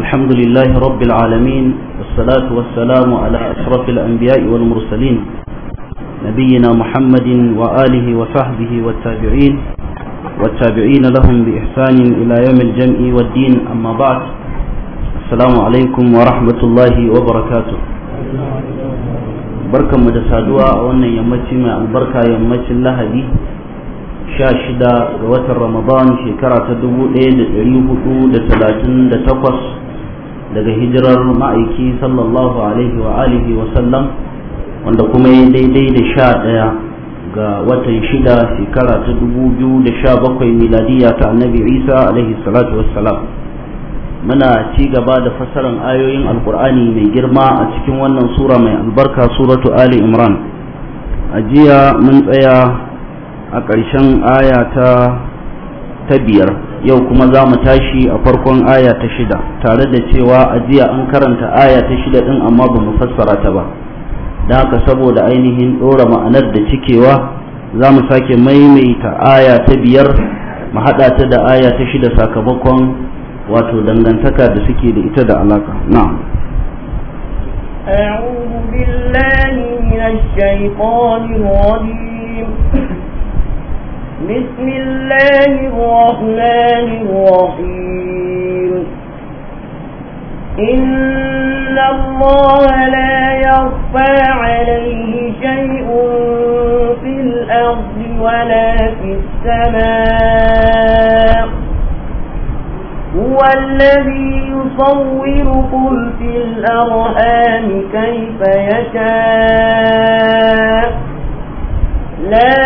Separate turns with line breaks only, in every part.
الحمد لله رب العالمين والصلاة والسلام على أشرف الأنبياء والمرسلين نبينا محمد وآله وصحبه والتابعين والتابعين لهم بإحسان إلى يوم الجمع والدين أما بعد السلام عليكم ورحمة الله وبركاته بركة مدسادوة وأن يمتي مع البركة يمتي الله دي sha shida ga watan ramadan shekara ta dubu ɗaya da ɗari hudu da talatin da takwas daga hijirar ma'aiki sallallahu alaihi wa alihi wa sallam wanda kuma ya daidai da sha ɗaya ga watan shida shekara ta dubu biyu da sha bakwai miladiya ta annabi isa alaihi salatu wassalam muna ci gaba da fassarar ayoyin alkur'ani mai girma a cikin wannan sura mai albarka suratu ali imran a jiya mun tsaya a ƙarshen aya ta ta biyar yau kuma za mu tashi a farkon aya ta shida tare da cewa a jiya an karanta aya ta shida ɗin amma ba mu fassara ta ba da haka saboda ainihin ɗora ma'anar da cikewa za mu sake maimaita aya ta biyar mu haɗa ta da aya ta shida sakamakon wato dangantaka da suke da ita da alaka na
أعوذ بالله من الشيطان الرجيم بسم الله الرحمن الرحيم إن الله لا يخفى عليه شيء في الأرض ولا في السماء هو الذي يصوركم في الأرهام كيف يشاء لا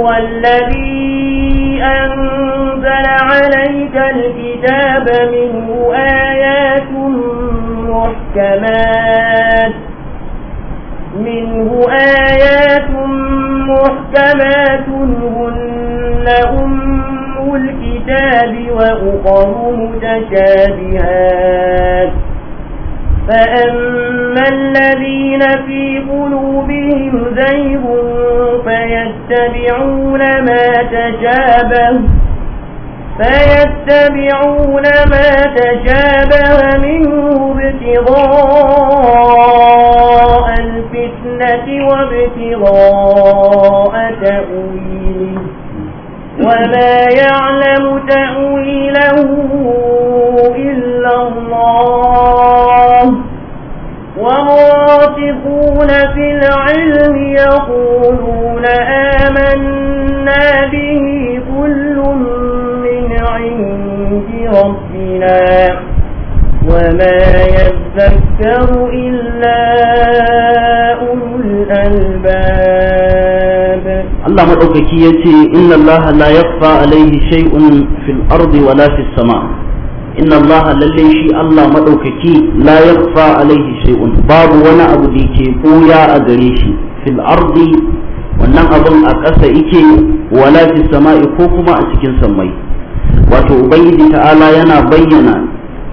هو الذي أنزل عليك الكتاب منه آيات محكمات منه آيات محكمات هن أم الكتاب وأخر متشابهات فأما أما الذين في قلوبهم زيغ فيتبعون ما تشابه فيتبعون ما تشابه منه ابتغاء الفتنة وابتغاء تأويله وما يتفقهون في العلم يقولون آمنا به كل من عند ربنا وما يذكر إلا أولو الألباب
الله مدعوكي يتي إن الله لا يخفى عليه شيء في الأرض ولا في السماء inna Allah lalle shi Allah madaukaki la yakhfa alaihi shay'un babu wani abu da yake buya a gare shi fil ardi wannan abun a ƙasa yake wala fi sama'i ko kuma a cikin sammai wato ubangiji ta'ala yana bayyana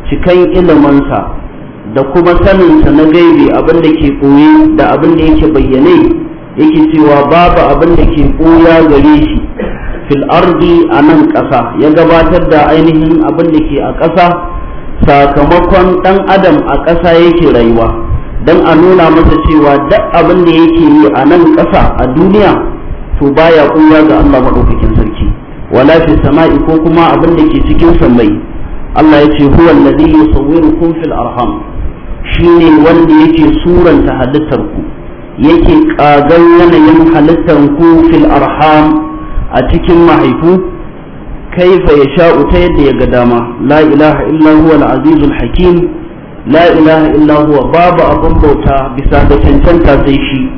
cikan ilimansa da kuma saninsa na gaibi abin da ke koye da abin da yake bayyane yake cewa babu abin da ke koya gare shi fil ardi a nan ƙasa ya gabatar da ainihin abin da ke a ƙasa sakamakon ɗan adam a ƙasa yake rayuwa don a nuna masa cewa duk abin da yake yi a nan ƙasa a duniya to baya ƙungiya ga Allah maɗaukakin sarki wala fi sama'i ko kuma abin da ke cikin sammai Allah ya ce huwa allazi yusawwirukum fil arham shine wanda yake suranta halittar ku yake kagan yanayin halittar ku fil arham a cikin mahaifu kaifa ya sha'u ta yadda ya ga dama la ilaha illa huwa al-azizul hakim la ilaha illa huwa babu abun bauta bisa ga cancanta sai shi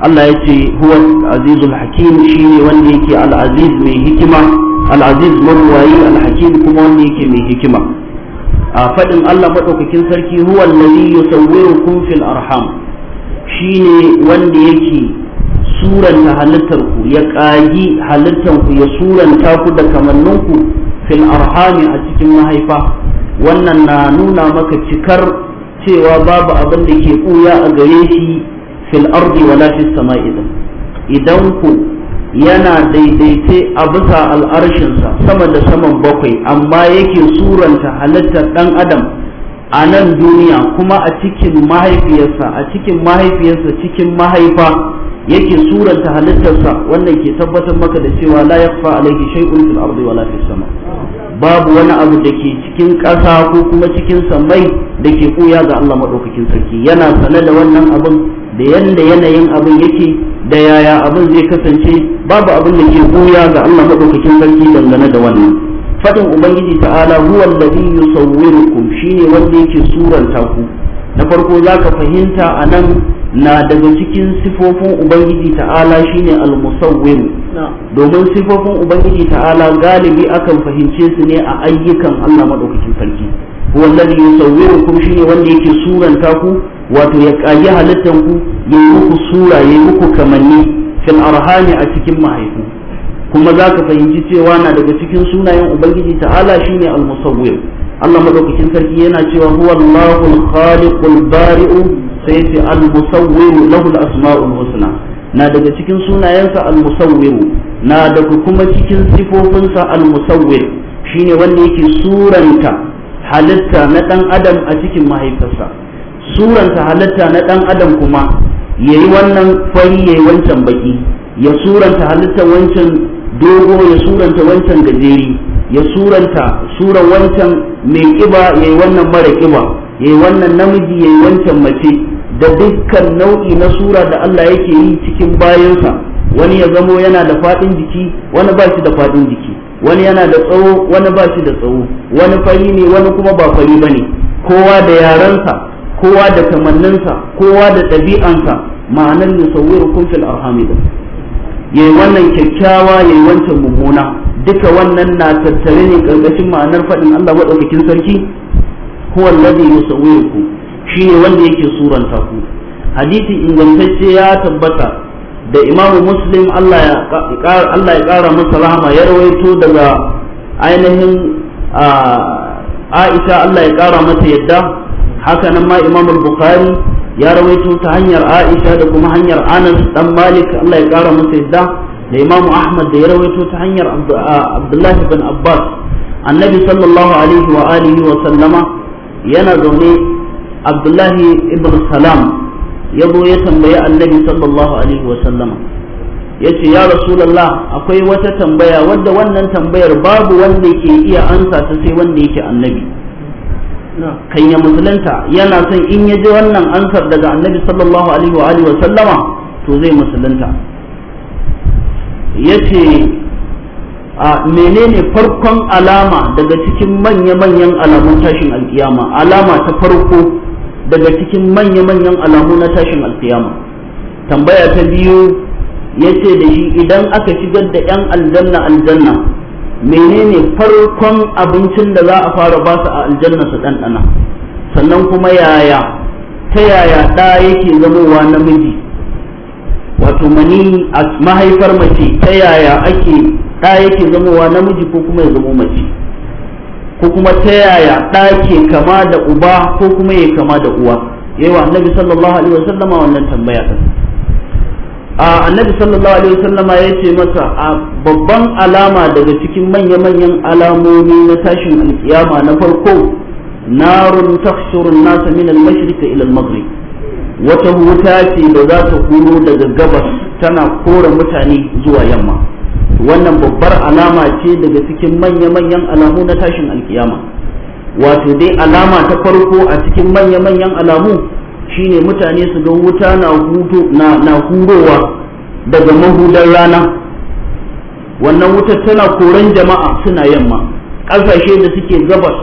Allah ya ce huwa azizul hakim shine wanda yake al-aziz mai hikima al-aziz marwayi al-hakim kuma wanda yake mai hikima a fadin Allah madaukakin sarki huwa allazi yusawwirukum fil arham shine wanda yake suranta halittar ku ya ƙagi halittar ku ya suranta ku da kamannin ku fil arhami a cikin mahaifa wannan na nuna maka cikar cewa babu abin da ke ɓuya a gare shi fil ardi wala fis sama'i idan ku yana daidaice a bisa al'arshinsa sama da saman bakwai amma yake suranta halittar ɗan adam a nan duniya kuma a cikin mahaifiyarsa a cikin mahaifiyarsa cikin mahaifa yake suranta halittarsa wannan ke tabbatar maka da cewa la yakfa alayhi shay'un fil ardi wala fis sama babu wani abu da ke cikin ƙasa ko kuma cikin samai da ke koya ga Allah madaukakin sarki yana sane da wannan abin da yanda yanayin abin yake da yaya abin zai kasance babu abin da ke koya ga Allah madaukakin sarki dangane da wannan fadin ubangiji ta'ala huwa alladhi yusawwirukum shine wanda yake suranta ku na farko zaka fahimta anan na daga cikin sifofin ubangiji ta'ala shine al-musawwir domin sifofin ubangiji ta'ala galibi akan fahimce su ne a ayyukan Allah madaukakin sarki huwa alladhi yusawwirukum shine wanda yake suranta ku wato ya kayi halittan ku ya muku sura ya muku kamanni fil arhami a cikin mahaifu kuma zaka fahimci cewa na daga cikin sunayen ubangiji ta'ala shine al-musawwir Allah madaukakin sarki yana cewa huwa Allahul khaliqul bari'u sai yace al-musawwir lahu al-asma'ul husna na daga cikin sunayensa al-musawwir na daga kuma cikin sifofinsa al-musawwir shine wanda yake suranta halitta na dan adam a cikin mahaifarsa suranta halitta na dan adam kuma yayi wannan fari yayi wancan baki ya suranta halitta wancan dogo ya suranta wancan gajeri ya suranta sura wancan mai kiba ya yi wannan mara kiba ya wannan namiji yayi wancan mace da dukkan nau'i na sura da Allah yake yi cikin bayansa wani ya zamo yana da faɗin jiki wani ba shi da faɗin jiki wani yana da tsawo wani ba shi da tsawo wani fari ne wani kuma ba fari ba ne kowa da yarensa kowa da tamanninsa kowa da ɗabi'ansa ma'anar yusawwiru kun fil yayi wannan kyakkyawa yayi wancan mummuna duka wannan na tattare ne ƙarƙashin ma'anar faɗin Allah madaukakin sarki huwa alladhi yusawwirukum shine wanda yake suran taku hadisi ingantacce ya tabbata da imamu muslim Allah ya kara masa rahama ya rawaito daga ainihin aisha Allah ya kara mata yadda haka nan ma imamul bukari ya rawaito ta hanyar aisha da kuma hanyar anas dan malik Allah ya kara masa yadda da imamu ahmad da ya rawaito ta hanyar abdullahi bin abbas annabi sallallahu alaihi wa alihi wa sallama yana zaune abdullahi ibn salam ya zo ya tambayi annabi sallallahu alaihi wasallama ya ce ya rasulallah akwai wata tambaya wadda wannan tambayar babu wanda ke iya ansa ta sai wanda yake annabi kan ya musulunta yana son in ya ji wannan ansar daga annabi sallallahu alaihi wa alihi wasallama to zai musulunta ya ce a menene farkon alama daga cikin manya-manyan alamun tashin alkiyama alama ta farko daga cikin manya-manyan alamu na tashin alkiyama tambaya ta biyu ya ce da shi idan aka shigar da 'yan aljanna aljanna menene farkon abincin da za a fara ba su a aljanna su ɗanɗana sannan kuma yaya ta yaya ɗa yake zamowa namiji wato mani a mahaifar mace ta yaya ake ɗa yake zamowa namiji ko kuma ya zamo mace ko kuma ta yaya ɗa ke kama da uba ko kuma ya kama da uwa yawa annabi sallallahu alaihi wasallama wannan tambaya ta a annabi sallallahu alaihi wasallama ya ce masa a babban alama daga cikin manya-manyan alamomi na tashin alkiyama na farko narun takshurun nasa min al-mashriqi ila al-maghrib wata wuta ce da za ta huro daga gabas tana kora mutane zuwa yamma wannan babbar alama ce daga cikin manya-manyan alamu na tashin alkiyama wato dai alama ta farko a cikin manya-manyan alamu shine mutane su ga wuta na huto na na hurowa daga mahudar rana wannan wutar tana koran jama'a suna yamma ƙasashe da suke gabas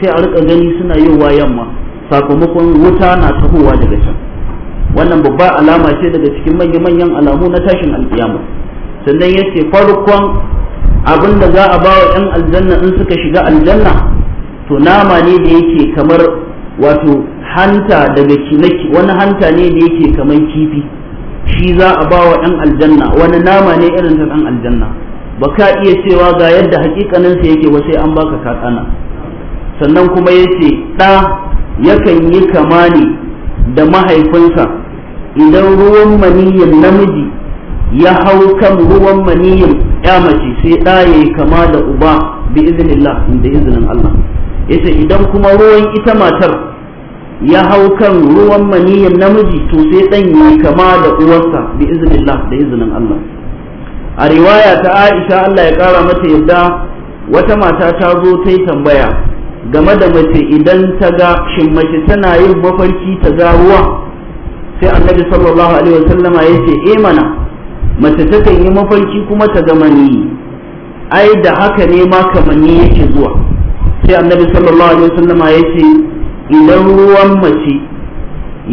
sai a rika gani suna yowa yamma sakamakon wuta na tahowa daga can wannan babbar alama ce daga cikin manya-manyan alamu na tashin alkiyama sannan ya ce farkon abin da za a ba wa 'yan aljanna in suka shiga aljanna to nama ne da yake kamar wato hanta daga kinaki wani hanta ne da yake kamar kifi shi za a ba wa 'yan aljanna wani nama ne irin ta ɗan aljanna ba ka iya cewa ga yadda hakikaninsa yake ba sai an baka katsana sannan kuma ya ce ɗa yakan yi kama ne da mahaifinsa idan ruwan maniyin namiji ya hau kan ruwan maniyin ya mace sai ɗa ya yi kama da uba bi izinillah da izinin Allah yace idan kuma ruwan ita matar ya hau kan ruwan maniyin namiji to sai ɗan ya yi kama da uwarsa bi izinillah da izinin Allah a riwaya ta Aisha Allah ya ƙara mata yadda wata mata ta zo ta yi tambaya game da mace idan ta ga shin mace tana yin mafarki ta ga ruwa sai annabi sallallahu alaihi wasallama ya ce e mana mace kan yi mafarki kuma ta ga maniyi ai da haka ne ma kamanni yake zuwa sai annabi sallallahu alaihi wasallama ya ce idan ruwan mace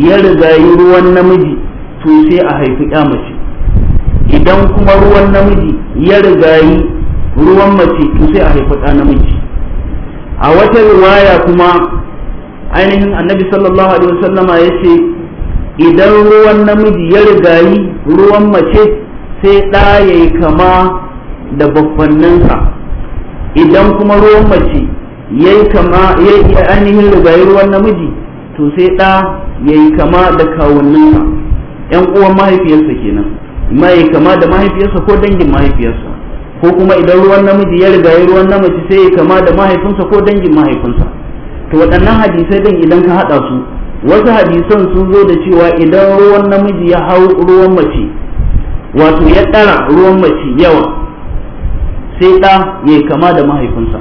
ya riga yi ruwan namiji to sai a haifi ya mace idan kuma ruwan namiji ya riga yi ruwan mace to sai a haifi ɗa namiji a wata riwaya kuma ainihin annabi sallallahu alaihi wasallama ya ce idan ruwan namiji ya riga yi ruwan mace sai ɗa ya yi kama da babbanninsa idan kuma ruwan mace ya yi kama ya yi ainihin rigayi ruwan namiji to sai ɗa ya yi kama da kawunninsa ‘yan uwan mahaifiyarsa kenan ma ya kama da mahaifiyarsa ko dangin mahaifiyarsa ko kuma idan ruwan namiji ya rigayi ruwan namiji sai ya kama da mahaifinsa ko dangin mahaifinsa to waɗannan hadisai din idan ka haɗa su wasu hadisan sun zo da cewa idan ruwan namiji ya hau ruwan mace wato ya ɗara ruwan mace yawa sai ɗa ya kama da mahaifinsa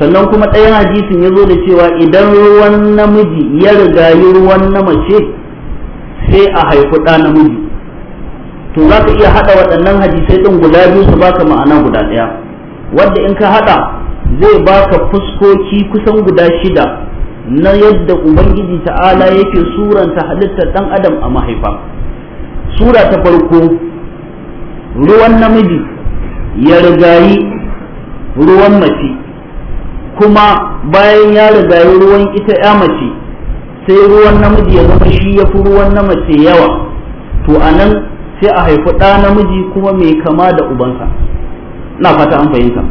sannan kuma ɗayan hadisin ya zo da cewa idan ruwan namiji ya rigayi ruwan na mace sai a haifi ɗa namiji to za ka iya haɗa waɗannan hadisai ɗin guda biyu su baka ma'ana guda ɗaya wadda in ka haɗa zai baka fuskoki kusan guda shida na yadda ubangiji ta'ala yake suranta halittar ɗan adam a mahaifa sura ta farko ruwan namiji ya rigayi ruwan mace kuma bayan ya rigayi ruwan ita ya mace sai ruwan namiji ya zama shi ya fi ruwan na mace yawa to a nan sai a haifi ɗa namiji kuma mai kama da ubansa na fata an fahimta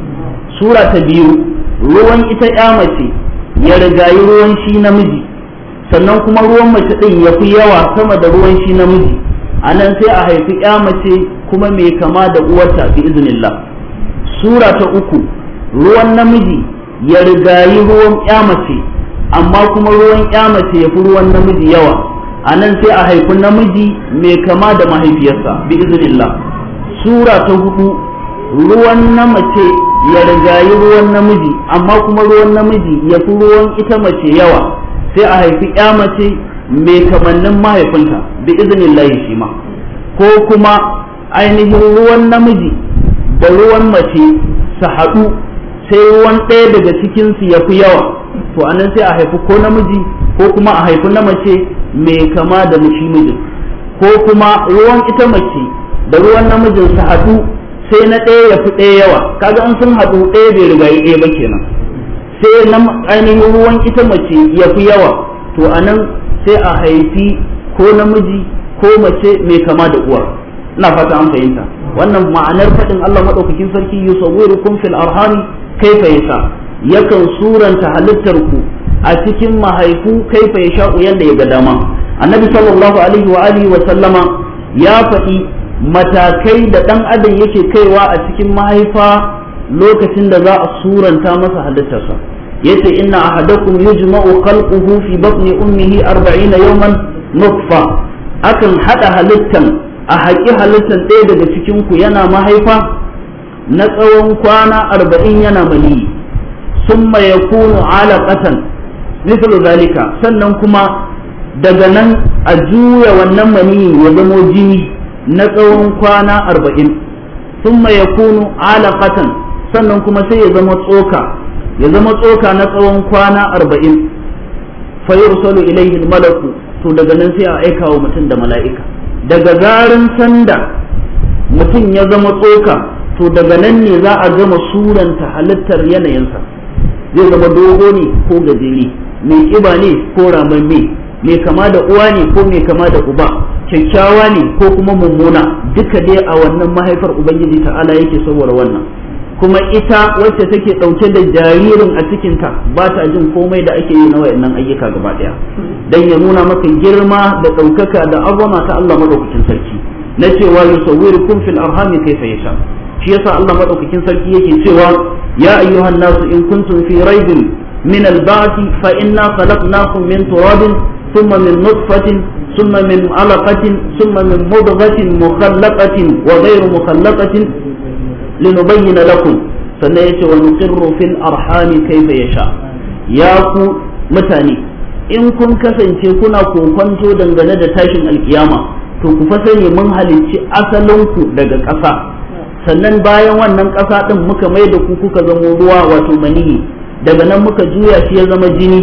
sura ta biyu ruwan ita ya mace ya rigayi ruwan shi namiji sannan kuma ruwan mace ɗin ya fi yawa sama da ruwan shi namiji a nan sai a haifi ya mace kuma mai kama da uwarta bi iznillah sura ta uku ruwan namiji ya rigayi ruwan ya mace amma kuma ruwan ya mace ya fi ruwan namiji yawa a nan sai a haifi namiji mai kama da mahaifiyarsa bi iznillah sura ta hudu ruwan na mace ya rigayi ruwan namiji amma kuma ruwan namiji ya fi ruwan ita mace yawa sai a haifi ya mace mai kamannin mahaifinta da izinin layi shi ma ko kuma ainihin ruwan namiji da ruwan mace su haɗu sai ruwan ɗaya daga cikinsu ya fi yawa to anan sai a haifi ko namiji ko kuma a haifi na mace mai kama da mashi mijin ko kuma ruwan ita mace da ruwan namijin su haɗu sai na ɗaya ya fi ɗaya yawa kaga in sun haɗu ɗaya bai riga ɗaya ba kenan sai na ainihin ruwan ita mace ya fi yawa to anan sai a haifi ko namiji ko mace mai kama da uwa ina fata an fahimta wannan ma'anar faɗin Allah maɗaukakin sarki yusawwirukum fil arhami kaifa yasa yakan suranta halittar ku a cikin mahaifu kaifa yasha yanda ya ga dama annabi sallallahu alaihi wa alihi wa sallama ya faɗi matakai da ɗan adam yake kaiwa a cikin mahaifa lokacin da za a suranta masa halittarsa yace inna ahadakum yujma'u khalquhu fi batni ummihi 40 yawman nutfa akan hada halittan a haƙi halittan ɗaya daga cikin ku yana mahaifa na tsawon kwana arba'in yana mani summa yakunu alaqatan mithlu zalika sannan kuma daga nan a juya wannan maniyin ya zamo jini na tsawon kwana arba'in sun ya kunu alaƙatan sannan kuma sai ya zama tsoka ya zama tsoka na tsawon kwana arba'in fa yursalu ilayhi malaku to daga nan sai a aika wa mutum da mala'ika daga garin sanda mutum ya zama tsoka to daga nan ne za a gama suranta halittar yanayinsa zai zama dogo ne ko gajeri, mai ƙiba ne ko ramamme mai kama da uwa ne ko mai kama da uba kyakkyawa ne ko kuma mummuna duka dai a wannan mahaifar ubangiji ta'ala yake saboda wannan kuma ita wacce take ɗauke da jaririn a cikinta ba ta jin komai da ake yi na wayannan ayyuka gaba ɗaya dan ya nuna maka girma da ɗaukaka da azama ta Allah madaukakin sarki na cewa yusawwirukum fil arhami kayfa yasha shi yasa Allah madaukakin sarki yake cewa ya ayyuhan nasu in kuntum fi raibin min al fa inna khalaqnakum min turabin thumma min nutfatin ثم من علقة ثم من مضغة مخلقة وغير linubayyana lakum sannan yace wa nuqirru fil arhami kayfa yasha ya ku mutane in kun kasance kuna kokonto dangane da tashin alkiyama to ku fa sani mun halicci asalinku daga ƙasa sannan bayan wannan ƙasa ɗin muka mai da ku kuka zamo ruwa wato manihi daga nan muka juya shi ya zama jini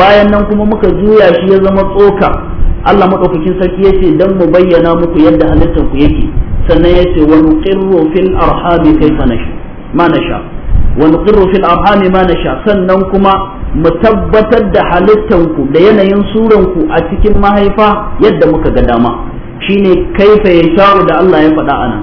bayan nan kuma muka juya shi ya zama tsoka Allah maɗaukakin sarki ya ce don mu bayyana muku yadda halittar ku yake sannan ya ce wani nuqirru arhami kayfa ma na sha arhami ma sannan kuma mu tabbatar da halittanku da yanayin suranku a cikin mahaifa yadda muka ga dama shine kaifa yasha'u da Allah ya faɗa anan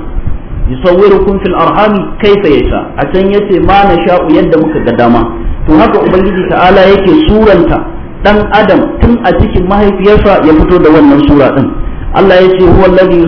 yusawwirukum fil arhami kaifa sha a can yace ma nasha'u yadda muka ga dama to haka ubangiji ta'ala yake suranta dan adam tun a cikin mahaifiyarsa ya fito da wannan sura din Allah ya ce huwa alladhi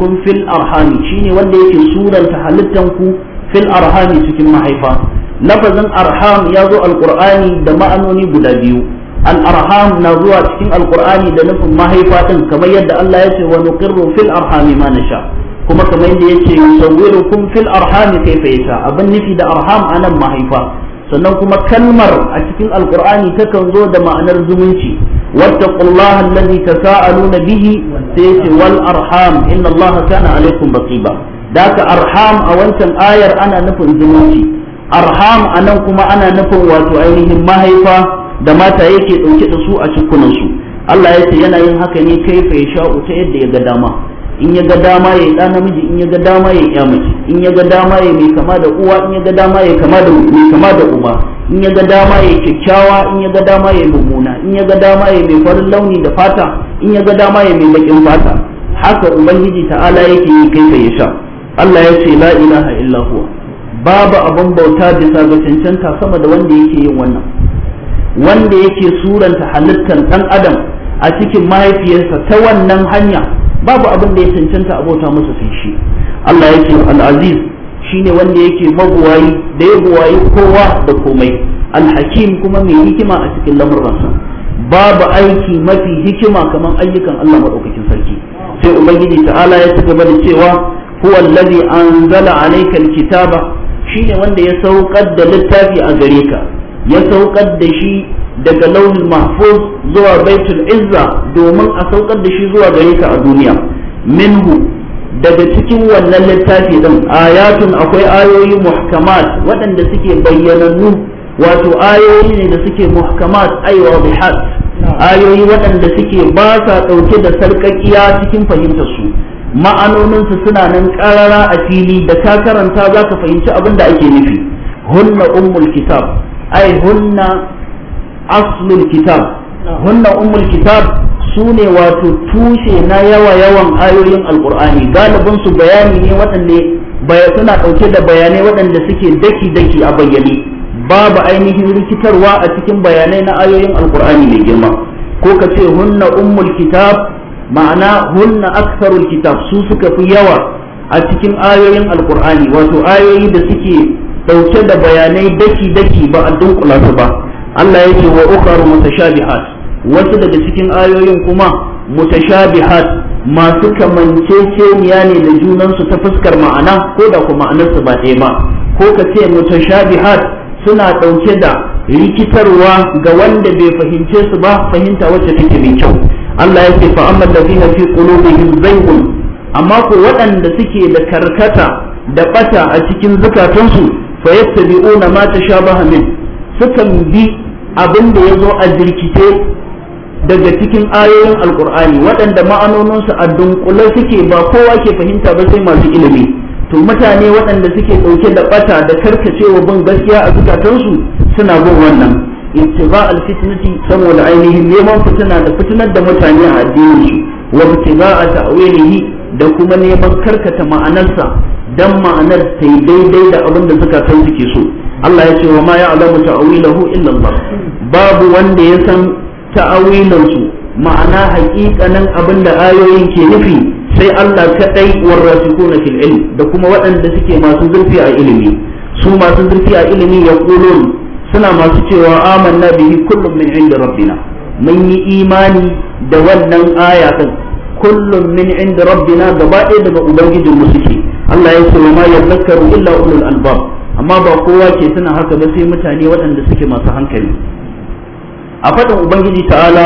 kun fil arhami shine wanda yake suranta halittan ku fil arhami cikin mahaifa lafazin arham ya zo alqur'ani da ma'anoni guda biyu al arham na zuwa cikin alqur'ani da nufin mahaifa din kamar yadda Allah ya ce wa nuqirru fil arhami ma nasha kuma kamar yadda yake yusawwirukum fil arhami kayfa yasha abin nufi da arham anan mahaifa sannan kuma kalmar a cikin alqur'ani takan zo da ma'anar zumunci واتقوا الله الذي تساءلون به سيتي والأرحام إن الله كان عليكم رقيبا ذاك أرحام أو أنت الآير أنا نفن زموتي أرحام أنا كما أنا نفن وتعينهم ما هيفا دماتا يكي أنت أسوء أشكنا سوء Allah ya ce yana yin haka ne kai fa ya sha'u ta yadda ya ga dama in ya ga dama ya yi ɗa namiji in ya ga dama ya yi ya mace in ya ga dama ya mai kama da uwa in ya ga dama ya kama da mai kama da uba in ya ga dama ya kyakkyawa in ya ga dama ya mummuna in ya ga dama ya mai farin launi da fata in ya ga dama ya mai baƙin fata haka ubangiji ta'ala yake yi kai kai ya sha Allah ya ce la ilaha illa huwa babu abin bauta bisa ga cancanta sama da wanda yake yin wannan wanda yake suranta halittar dan adam a cikin mahaifiyarsa ta wannan hanya babu abin da ya cancanta abota masa sai shi Allah yake al-aziz shine wanda yake mabuwayi da ya buwayi kowa da komai al-hakim kuma mai hikima a cikin lamuransa babu aiki mafi hikima kamar ayyukan Allah madaukakin sarki sai ubangiji ta'ala ya ci gaba da cewa huwa allazi anzala alayka al-kitaba shine wanda ya saukar da littafi a gare ka ya saukar da shi daga launin mahfuz zuwa baitul izza domin a saukar da shi zuwa gare ka a duniya minhu daga cikin wannan littafi din ayatun akwai ayoyi muhkamat waɗanda suke bayyanannu wato ayoyi ne da suke muhkamat aiwa bihat ayoyi waɗanda suke ba sa ɗauke da sarƙaƙiya cikin fahimtar su ma'anoninsu suna nan ƙarara a fili da ka karanta za ka fahimci abin da ake nufi hunna ummul kitab ai hunna aslul kitab hunna ummul kitab su ne wato tushe na yawa yawan ayoyin alkur'ani galibin su bayani ne waɗanne suna ɗauke da bayanai waɗanda suke daki daki a bayyane babu ainihin rikitarwa a cikin bayanai na ayoyin alkur'ani mai girma ko ka ce hunna ummul kitab ma'ana hunna aksarul kitab su suka fi yawa a cikin ayoyin alkur'ani wato ayoyi da suke ɗauke da bayanai daki daki ba a dunkula su ba Allah yake wa ukharu mutashabihat wasu daga cikin ayoyin kuma mutashabihat masu kamanceceniya ne da junansu ta fuskar ma'ana ko da kuma ma'anarsu ba ɗaya ba ko ka ce mutashabihat suna ɗauke da rikitarwa ga wanda bai fahimce su ba fahimta wacce take mai kyau Allah yake fa amma allazina fi qulubihim zaygun amma ko waɗanda suke da karkata da bata a cikin zukatansu fa yattabi'una ma tashabaha min sukan bi abin da ya zo a jirkice daga cikin ayoyin alkur'ani waɗanda ma'anoninsu a dunkule suke ba kowa ke fahimta ba sai masu ilimi to mutane waɗanda suke ɗauke da ɓata da karkacewa bin gaskiya a zukatansu suna bin wannan ittiba alfitnati saboda ainihin neman fitina da fitinar da mutane a addininsu wa ittiba a ta'wilihi da kuma neman karkata ma'anarsa dan ma'anar ta yi daidai da abin da zukatan suke so Allah ya ce wa ma ya'lamu ta'wilahu illa Allah babu wanda ya san ta'awilan su ma'ana haƙiƙanin abin da ayoyin ke nufi sai Allah kadai warrasikuna fil ilm da kuma waɗanda suke masu zurfi a ilimi su masu zurfi a ilimi ya kulun suna masu cewa amanna bihi kullum min inda rabbina mun yi imani da wannan aya kan kullum min inda rabbina gaba ɗaya daga ubangijin mu suke Allah ya ce wa ma yadhakkaru illa ulul albab amma ba kowa ke suna haka ba sai mutane waɗanda suke masu hankali a faɗin ubangiji ta'ala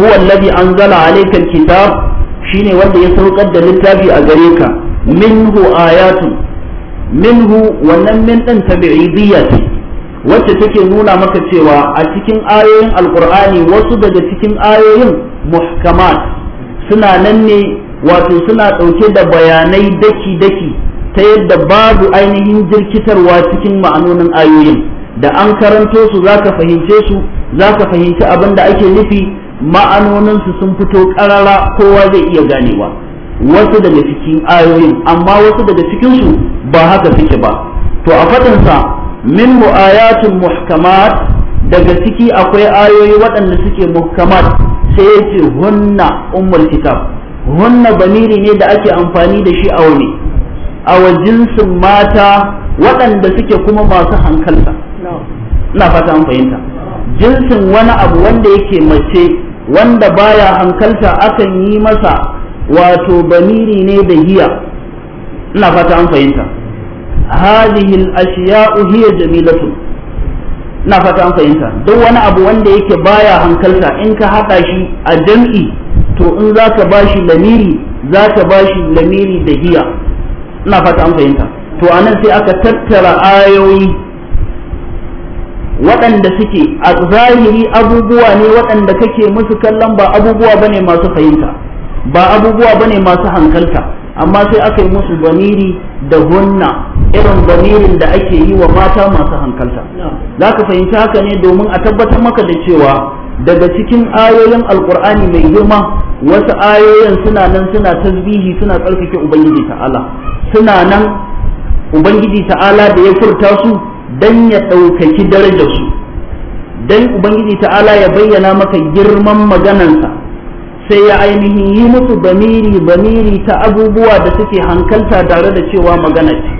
huwa allazi anzala alayka alkitab shine wanda ya saukar da littafi a gare ka minhu ayatu minhu wannan min din tabi'idiyya ce wacce take nuna maka cewa a cikin ayoyin alqur'ani wasu daga cikin ayoyin muhkamat suna nan ne wato suna ɗauke da bayanai daki-daki ta yadda babu ainihin jirkitarwa cikin ma'anonin ayoyin da an karanto su za ka fahimce su za ka fahimci abin da ake nufi ma'anoninsu sun fito ƙarara kowa zai iya ganewa wasu daga cikin ayoyin amma wasu daga cikinsu ba haka suke ba to a faɗinsa min mu'ayatun muhkamat daga ciki akwai ayoyi waɗanda suke muhkamat sai ya ce hunna ummul kitab hunna bamiri ne da ake amfani da shi a wani a wa jinsin mata waɗanda suke kuma masu hankalta ina fata an fahimta jinsin wani abu wanda yake mace wanda baya hankalta akan yi masa wato bamiri ne da hiya ina fata an fahimta hadhihi al-ashya'u hiya jamilatu ina fata an fahimta duk wani abu wanda yake baya hankalta in ka haɗa shi a jam'i to in za ka ba shi lamiri za ka ba shi lamiri da hiya ina fata an fahimta to anan sai aka tattara ayoyi waɗanda suke a zahiri abubuwa ne waɗanda kake musu kallon ba abubuwa bane masu fahimta ba abubuwa bane masu hankalta amma sai aka yi musu zamiri da hunna irin zamirin da ake yi wa mata masu hankalta za ka fahimci haka ne domin a tabbatar maka da cewa daga cikin ayoyin alkur'ani mai girma wasu ayoyin suna nan suna tasbihi suna tsarkake ubangiji ta'ala suna nan ubangiji ta'ala da ya furta su dan ya ɗaukaki darajar su dan ubangiji ta'ala ya bayyana maka girman maganansa sai ya ainihin yi musu bamiri bamiri ta abubuwa da suke hankalta tare da cewa magana ce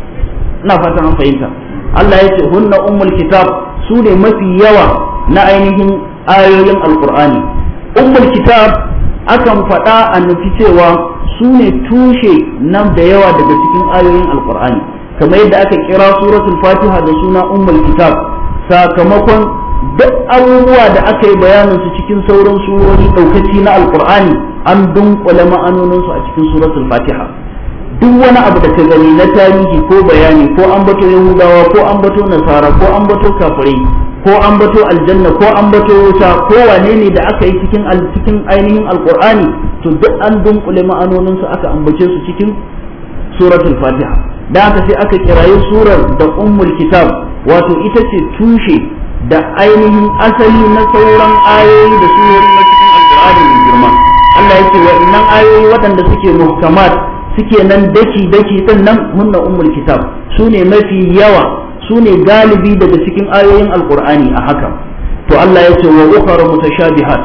ina fatan an fahimta Allah ya ce hunna ummul kitab su ne mafi yawa na ainihin ayoyin alkur'ani ummul kitab akan faɗa a nufi cewa su ne tushe nan da yawa daga cikin ayoyin alkur'ani kamar yadda aka kira suratul fatiha da suna ummul kitab sakamakon duk abubuwa da aka yi bayanin su cikin sauran surori ɗaukaci na alkur'ani an dunkule ma'anoninsu a cikin suratul fatiha duk wani abu da ka gani na tarihi ko bayani ko an bato yahudawa ko an bato nasara ko an bato kafirai ko an bato aljanna ko an bato wuta ko wane ne da aka yi cikin cikin ainihin alqur'ani to duk an dunkule ma'anonin su aka ambace su cikin suratul fatiha da aka sai aka kirayi surar da ummul kitab wato ita ce tushe da ainihin asali na sauran ayoyi da surori na cikin alqur'ani mai girma Allah yake wa'annan ayoyi waɗanda suke muhkamat suke nan daki daki din nan munna ummul kitab su ne mafi yawa su ne galibi daga cikin ayoyin alkur'ani a haka to Allah ya ce wa ukhra mutashabihat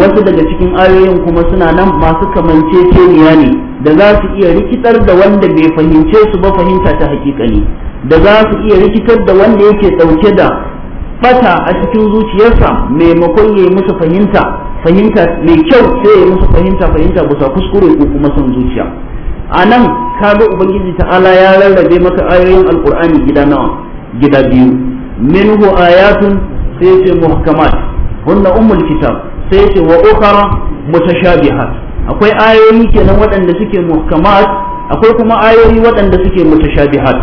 wasu daga cikin ayoyin kuma suna nan masu kamance kamanceceniya ne da za su iya rikitar da wanda bai fahimce su ba fahimta ta hakikani da za su iya rikitar da wanda yake dauke da fata a cikin zuciyarsa maimakon ya musu fahimta fahimta mai kyau sai ya musu fahimta fahimta bisa kuskure ko kuma son zuciya a nan kaga ubangiji ta'ala ya rarrabe maka ayoyin alkur'ani gida nawa gida biyu minhu ayatun sai ce muhkamat hunna ummul kitab sai ce wa ukhra mutashabihat akwai ayoyi kenan waɗanda suke muhkamat akwai kuma ayoyi waɗanda suke mutashabihat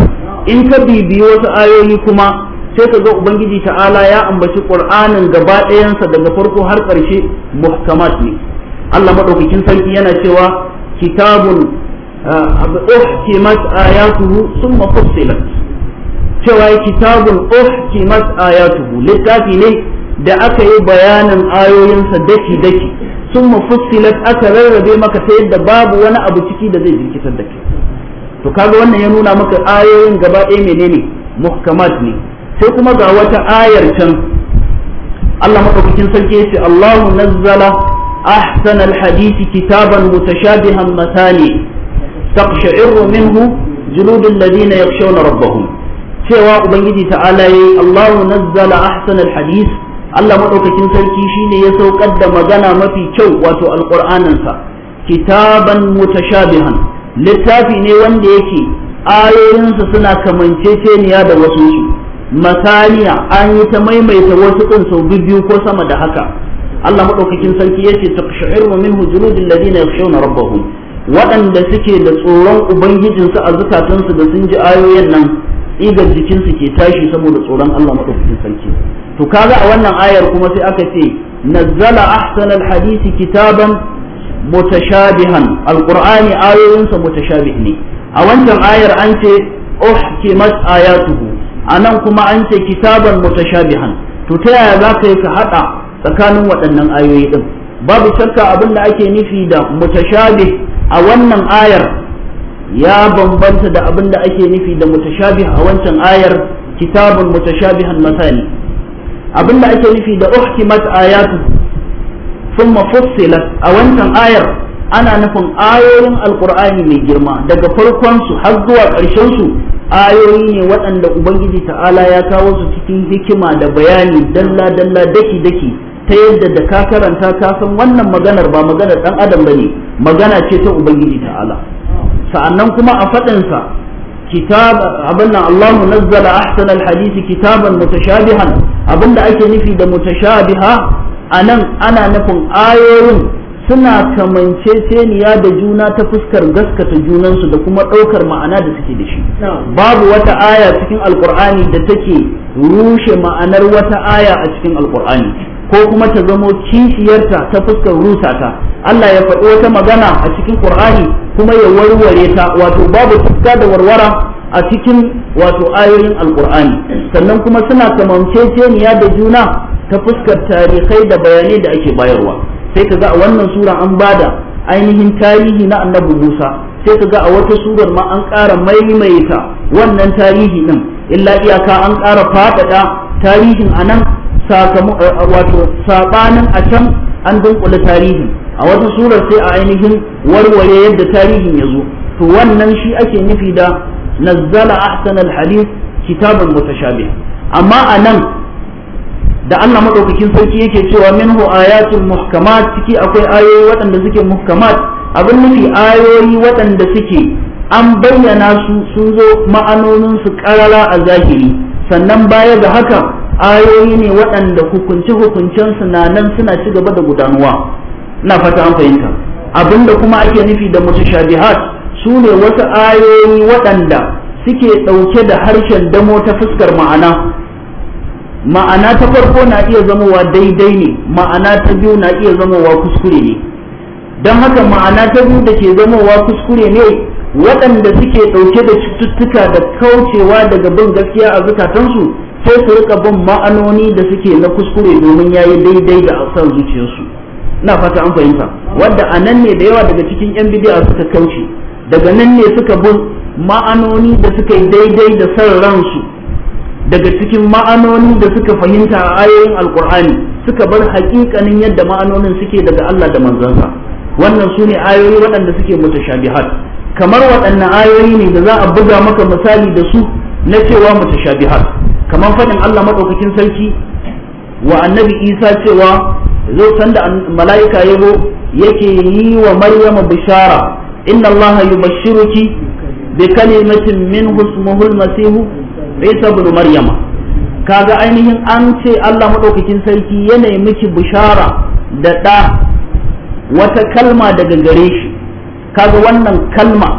in ka bibi wasu ayoyi kuma sai ka ga ubangiji ta'ala ya ambaci qur'anin gaba ɗayansa daga farko har ƙarshe muhkamat ne Allah madaukakin sarki yana cewa kitabun ah, uhkimat ayatuhu summa fussilat cewa kitabun uhkimat ayatuhu littafi ne da aka yi bayanin ayoyinsa daki daki sun mafussilat aka rarrabe maka ta yadda babu wani abu ciki da zai jirkitar da kai to kaga wannan ya nuna maka ayoyin gaba ɗaya menene muhkamat ne sai kuma ga wata ayar can Allah madaukakin sarki yace Allahu nazzala ahsana alhadisi kitaban mutashabihan masani taqsha'iru minhu juludul ladina yakhshawna rabbahum cewa ubangiji ta'ala yayi Allahu nazzala ahsanal hadith Allah madaukakin sarki shine ya saukar da magana mafi kyau wato alqur'anin sa kitaban mutashabihan littafi ne wanda yake ayoyinsa suna kamanceceniya da wasu su masaniya an yi ta maimaita wasu ɗin sau biyu ko sama da haka Allah maɗaukakin sarki ya ce taqsha'iru minhu juludul ladina yakhshawna rabbahum waɗanda suke da tsoron ubangijinsu a zukatansu da sun ji ayoyin nan igar jikinsu ke tashi saboda tsoron Allah madaukakin sarki to kaga a wannan ayar kuma sai aka ce nazzala ahsanal hadisi kitaban mutashabihan alqur'ani ayoyinsa mutashabih ne a wancan ayar an ce uhkimat ayatuhu anan kuma an ce kitaban mutashabihan to ta yaya za ka yi ka haɗa tsakanin waɗannan ayoyi din babu shakka abin da ake nufi da mutashabih a wannan ayar ya bambanta da abin da ake nufi da mutashabih a wancan ayar kitabun mutashabihan masani abin da ake nufi da uhkimat ayatu thumma fussilat a wancan ayar ana nufin ayoyin alkur'ani mai girma daga farkon su har zuwa ƙarshen su ayoyi ne waɗanda ubangiji ta'ala ya kawo su cikin hikima da bayani dalla dalla daki daki ta yadda da ka karanta ka san wannan maganar ba maganar dan adam bane magana ce ta ubangiji ta'ala sa'annan kuma a faɗinsa kitab abin nan Allahu nazzala ahsan alhadisi kitaban mutashabihan abinda ake nufi da mutashabiha anan ana nufin ayoyin suna kamanceceniya da juna ta fuskar gaskata junansu da kuma ɗaukar ma'ana da suke da shi babu wata aya cikin alkur'ani da take rushe ma'anar wata aya a cikin alkur'ani ko kuma ta zamo kishiyarta ta fuskar rusa ta Allah ya faɗi wata magana a cikin Qur'ani kuma ya warware ta wato babu tufka da warwara a cikin wato ayoyin Alƙur'ani sannan kuma suna kamanceceniya da juna ta fuskar tarihai da bayanai da ake bayarwa sai ka ga a wannan sura an bada ainihin tarihi na annabi Musa sai ka ga a wata surar ma an ƙara maimaita wannan tarihi din illa iyaka an ƙara faɗaɗa tarihin anan Eh, eh, wato sabanin a can an dunƙule tarihi a wata surar sai a ainihin warware yadda tarihin ya zo to wannan shi ake nufi da nazzala ahsan alhadith kitabun mutashabih amma a nan da Allah madaukakin sarki yake cewa minhu ayatun muhkamat ciki akwai ayoyi waɗanda suke muhkamat abin nufi ayoyi waɗanda suke an bayyana su sun zo ma'anoninsu ƙarara a zahiri sannan baya da haka ayoyi ne waɗanda hukunce hukuncen na nan suna ci gaba da gudanuwa na fata an fahimta abinda kuma ake nufi da shabihat su ne wasu ayoyi waɗanda suke ɗauke da harshen damo ta fuskar ma'ana ma'ana ta farko na iya zamowa daidai ne ma'ana ta biyu na iya zamowa kuskure ne don haka ma'ana ta biyu da ke zamowa kuskure ne waɗanda suke ɗauke da cututtuka da kaucewa daga bin gaskiya a zukatansu Ko su rika bin ma'anoni da suke na kuskure domin ya yi daidai da san zuciyarsu ina fata an fahimta Wadda a nan ne da yawa daga cikin yan bidiya suka kauce daga nan ne suka bin ma'anoni da suka yi daidai da san ransu daga cikin ma'anoni da suka fahimta a ayoyin alkur'ani suka bar hakikanin yadda ma'anonin suke daga Allah da manzansa wannan su ne ayoyi waɗanda suke mutashabihat kamar waɗannan ayoyi ne da za a buga maka misali da su na cewa mutashabihat kamar faɗin Allah maɗaukakin sarki wa annabi Isa cewa zo sanda mala'ika zo yake yi wa Maryama bishara inna Allah yubashshiruki bi kalimatin min husmuhul masihu masih Isa ibn Maryama kaga ainihin an ce Allah maɗaukakin sarki ya miki bishara da ɗa wata kalma daga gare shi kaga wannan kalma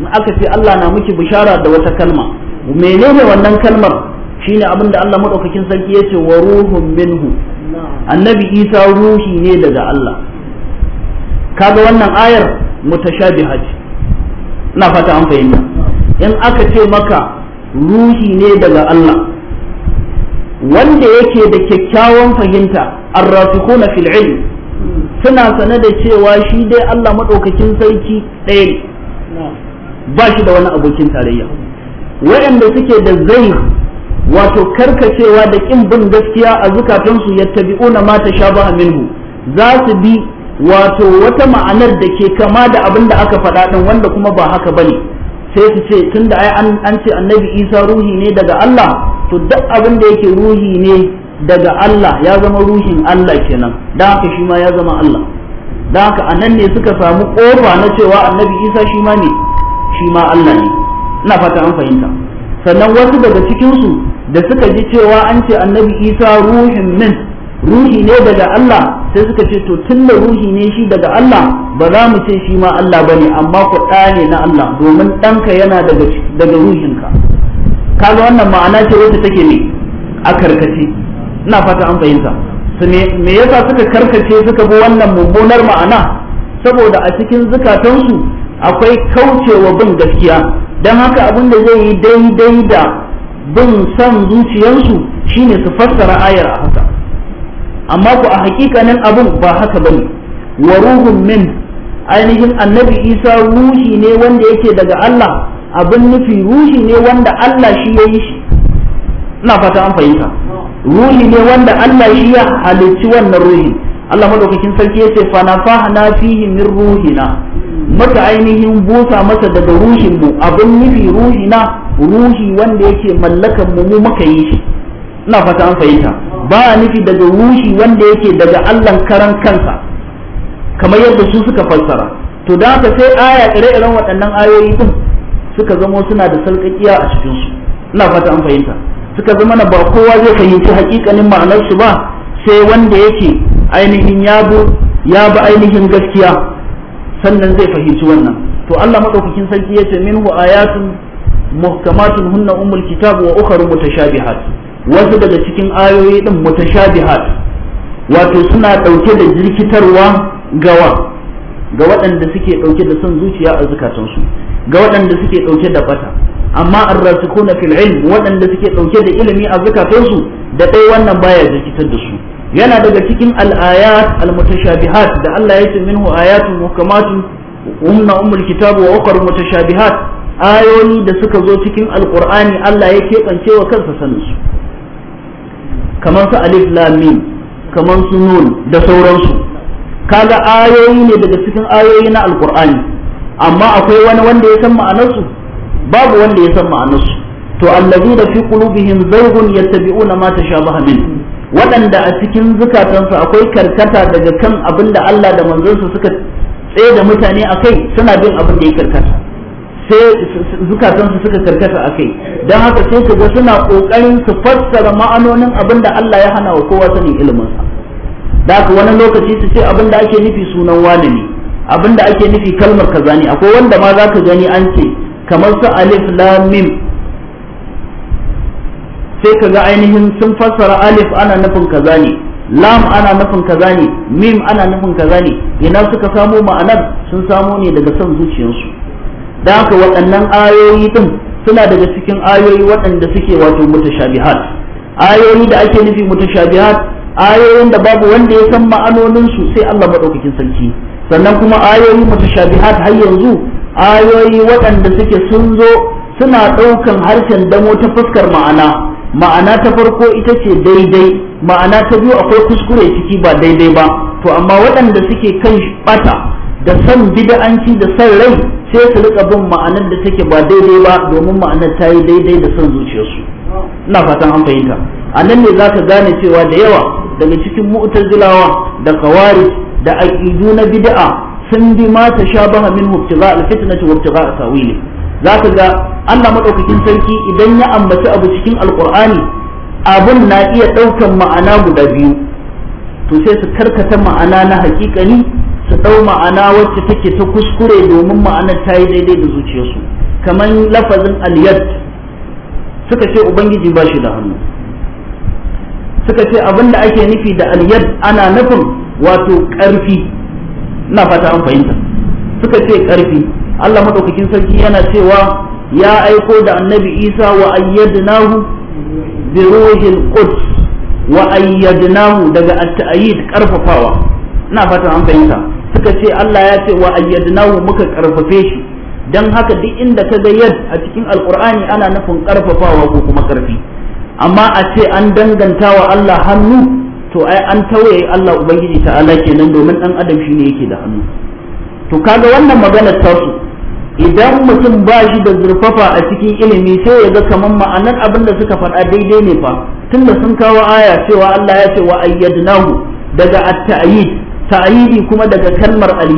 in aka ce Allah na miki bishara da wata kalma menene wannan kalmar shine abin da Allah madaukakin sarki yace wa ruhun minhu annabi Isa ruhi ne daga Allah kaga wannan ayar mutashabiha ce ina fata an fahimta in aka ce maka ruhi ne daga Allah wanda yake da kyakkyawan fahimta arrasikuna fil ilm suna sane da cewa shi dai Allah madaukakin sarki ɗaya ne ba shi da wani abokin tarayya waɗanda suke da zair. wato karkacewa da kin bin gaskiya a zukatansu yattabi'una ma ta tashabaha minhu za su bi wato wata ma'anar da ke kama da abin da aka faɗa ɗin wanda kuma ba haka bane sai su ce tunda ai an ce annabi isa ruhi ne daga Allah to duk abin da yake ruhi ne daga Allah ya zama ruhin Allah kenan da haka shi ma ya zama Allah da haka anan ne suka samu kofa na cewa annabi isa shi ma ne shi ma Allah ne ina fata an fahimta sannan wasu daga cikinsu da suka ji cewa an ce annabi isa ruhin min ruhi ne daga Allah sai suka ce to tun da ruhi ne shi daga Allah ba za mu ce shi ma Allah bane amma ku ne na Allah domin ɗanka yana daga daga ruhinka kaga wannan ma'ana ce wacce take ne a karkace ina fata an fahimta su me yasa suka karkace suka bi wannan mummunar ma'ana saboda a cikin zukatansu akwai kaucewa bin gaskiya don haka abin da zai yi daidai da bin san zuciyarsu shine su fassara ayar a haka amma ku a hakikanin abin ba haka ne wa ruhun min ainihin annabi isa ruhi ne wanda yake daga Allah abin nufi ruhi ne wanda Allah shi ya yi shi ina fata an fahimta ruhi ne wanda Allah shi ya halicci wannan ruhi Allah maɗaukakin sarki sai, fa nafahna fihi min ruhina muka ainihin busa masa daga ruhin mu abin nufi ruhina ruhi wanda yake mallakan mu mu muka yi shi ina fata an fahimta ba nufi daga ruhi wanda yake daga Allah karan kansa kamar yadda su suka fassara to da haka sai aya ire-iren waɗannan ayoyi din suka zama suna da sarƙaƙiya a cikin su ina fata an fahimta suka zama na ba kowa zai fahimci haƙiƙanin ma'anar su ba sai wanda yake ainihin ya ya bi ainihin gaskiya sannan zai fahimci wannan to Allah madaukakin sarki yace minhu ayatun muhkamatun hunna ummul kitab wa ukharu mutashabihat wasu daga cikin ayoyi din mutashabihat wato suna dauke da jirkitarwa gawa ga waɗanda suke ɗauke da son zuciya a zukatansu ga waɗanda suke ɗauke da bata amma arrasikuna fil ilm waɗanda suke ɗauke da ilimi a zukatansu da dai wannan baya jirkitar da su yana daga cikin al-ayat al-mutashabihat da Allah ya ce minhu ayatun muhkamatun umma ummul kitab wa ukhra mutashabihat ayoyi da suka zo cikin alkur'ani Allah ya keɓance wa kansa sanin su kamar su alif lam kamar su nun da sauransu kaga ayoyi ne daga cikin ayoyi na alkur'ani amma akwai wani wanda ya san ma'anarsu babu wanda ya san ma'anarsu to da fi qulubihim zawghun yattabi'una ma tashabaha min waɗanda a cikin zukatansu akwai karkata daga kan abinda Allah da manzonsa suka tsaye da mutane akai suna bin abin da ya karkata sai su suka karkasa akai kai don haka sai kaga suna kokarin su fassara ma'anonin abin da Allah ya hana wa kowa sanin sa da haka wani lokaci su ce abin da ake nufi sunan wani ne abin da ake nufi kalmar kaza ne akwai wanda ma za ka gani an ce kamar su alif lam mim sai ka ga ainihin sun fassara alif ana nufin kaza ne lam ana nufin kaza ne mim ana nufin kaza ne ina suka samo ma'anar sun samo ne daga son zuciyarsu da haka waɗannan ayoyi ɗin suna daga cikin ayoyi waɗanda suke wato mutashabihat ayoyi da ake nufi mutashabihat ayoyin da babu wanda ya san ma'anonin sai Allah madaukakin sarki sannan kuma ayoyi mutashabihat har yanzu ayoyi waɗanda suke sun zo suna ɗaukan harshen damo ta fuskar ma'ana ma'ana ta farko ita ce daidai ma'ana ta biyu akwai kuskure ciki ba daidai ba to amma waɗanda suke kan bata da son bid'anci da son rai sai su rika bin ma'anar da take ba daidai ba domin ma'anar ta yi daidai da son zuciyarsu ina fatan an fahimta a nan ne ka gane cewa da yawa daga cikin mu'tazilawa da kawari da aqidu na bid'a sun bi ma ta shabaha min ibtigha al fitna wa al-tawil Za ka ga Allah madaukakin sarki idan ya ambaci abu cikin alqur'ani abun na iya daukan ma'ana guda biyu to sai su karkata ma'ana na hakikani ta ɗau ma'ana wacce take ta kuskure domin ma'anar ta yi daidai da zuciyarsu kamar lafazin aliyat suka ce ubangiji ba shi da hannu suka ce abin da ake nufi da aliyat ana nufin wato ƙarfi na fata an fahimta suka ce ƙarfi allah maɗaukakin sarki yana cewa ya aiko da annabi isa wa ayyadnahu bi ruhil quds wa ayyadnahu daga at-ta'yid karfafawa ina fata an fahimta suka ce Allah ya ce wa ayyadnahu muka karfafe shi dan haka duk inda ka ga yad a cikin alqur'ani ana nufin karfafawa ko kuma karfi amma a ce an danganta wa Allah hannu to ai an tawaye Allah ubangiji ta'ala kenan domin dan adam shine yake da hannu to kaga wannan maganar tasu idan mutum ba shi da zurfafa a cikin ilimi sai ya ga kamar ma'anar abin da suka faɗa daidai ne fa tunda sun kawo aya cewa Allah ya ce wa ayyadnahu daga at-ta'yid ta'ayidi kuma daga kalmar al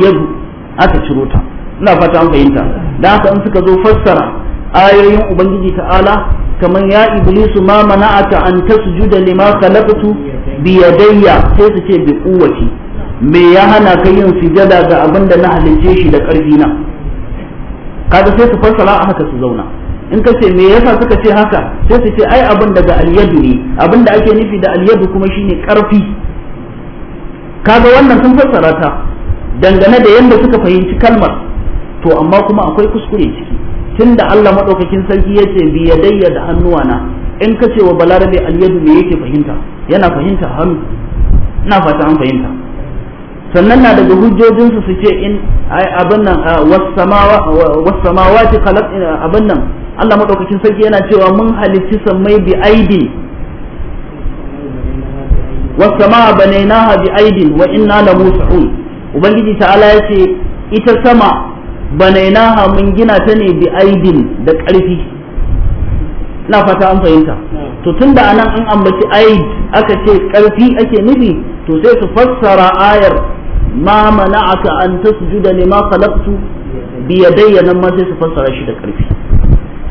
aka ciro ta ina fata an fahimta da haka in suka zo fassara ayoyin ubangiji ta'ala kaman ya iblisu ma mana'aka an tasjuda lima khalaqtu bi yadayya sai su ce bi quwwati me ya hana ka yin sujada ga abin da na halice shi da ƙarfi na kaga sai su fassara a haka su zauna in ka ce me yasa suka ce haka sai su ce ai abin daga al-yadu ne abin da ake nufi da al kuma shine ƙarfi kaga wannan sun fassara ta dangane da yadda suka fahimci kalmar to amma kuma akwai kuskure ciki tunda Allah madaukakin sarki yace bi yadayya da hannuwana in ka ce wa balarabe alyadu me yake fahimta yana fahimta hannu ina fata an fahimta sannan na daga hujjojinsu su ce in abin nan samawati khalaq abin nan Allah madaukakin sarki yana cewa mun halicci sammai bi aidin والسماء بنيناها بأيد وإنا لموسعون وبنجي تعالى يتي إتا سما بنيناها من جنا تني بأيد دك ألفي لا فتا أم فإنتا تتند أنا أن أمبتي أيد أكتي ألفي أكي نبي تزيت فسر آير ما منعك أن تسجد لما خلقت بيدي لما زيت فسر أشي دك ألفي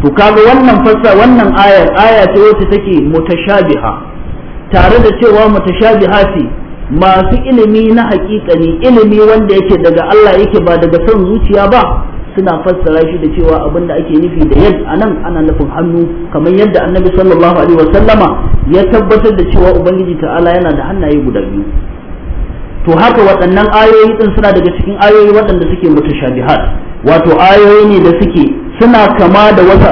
to kaga wannan fassa wannan ayar aya ce wacce take mutashabiha tare da cewa mutashabihati masu ilimi na ne ilimi wanda yake daga Allah yake ba daga son zuciya ba suna fassara shi da cewa abin da ake nufi da yadda a nan ana nufin hannu kamar yadda annabi sallallahu alaihi wasallama ya tabbatar da cewa ubangiji ta'ala yana da hannaye guda biyu to haka waɗannan ayoyi din suna daga cikin ayoyi waɗanda suke mutashabihat wato ayoyi ne da suke suna kama da wata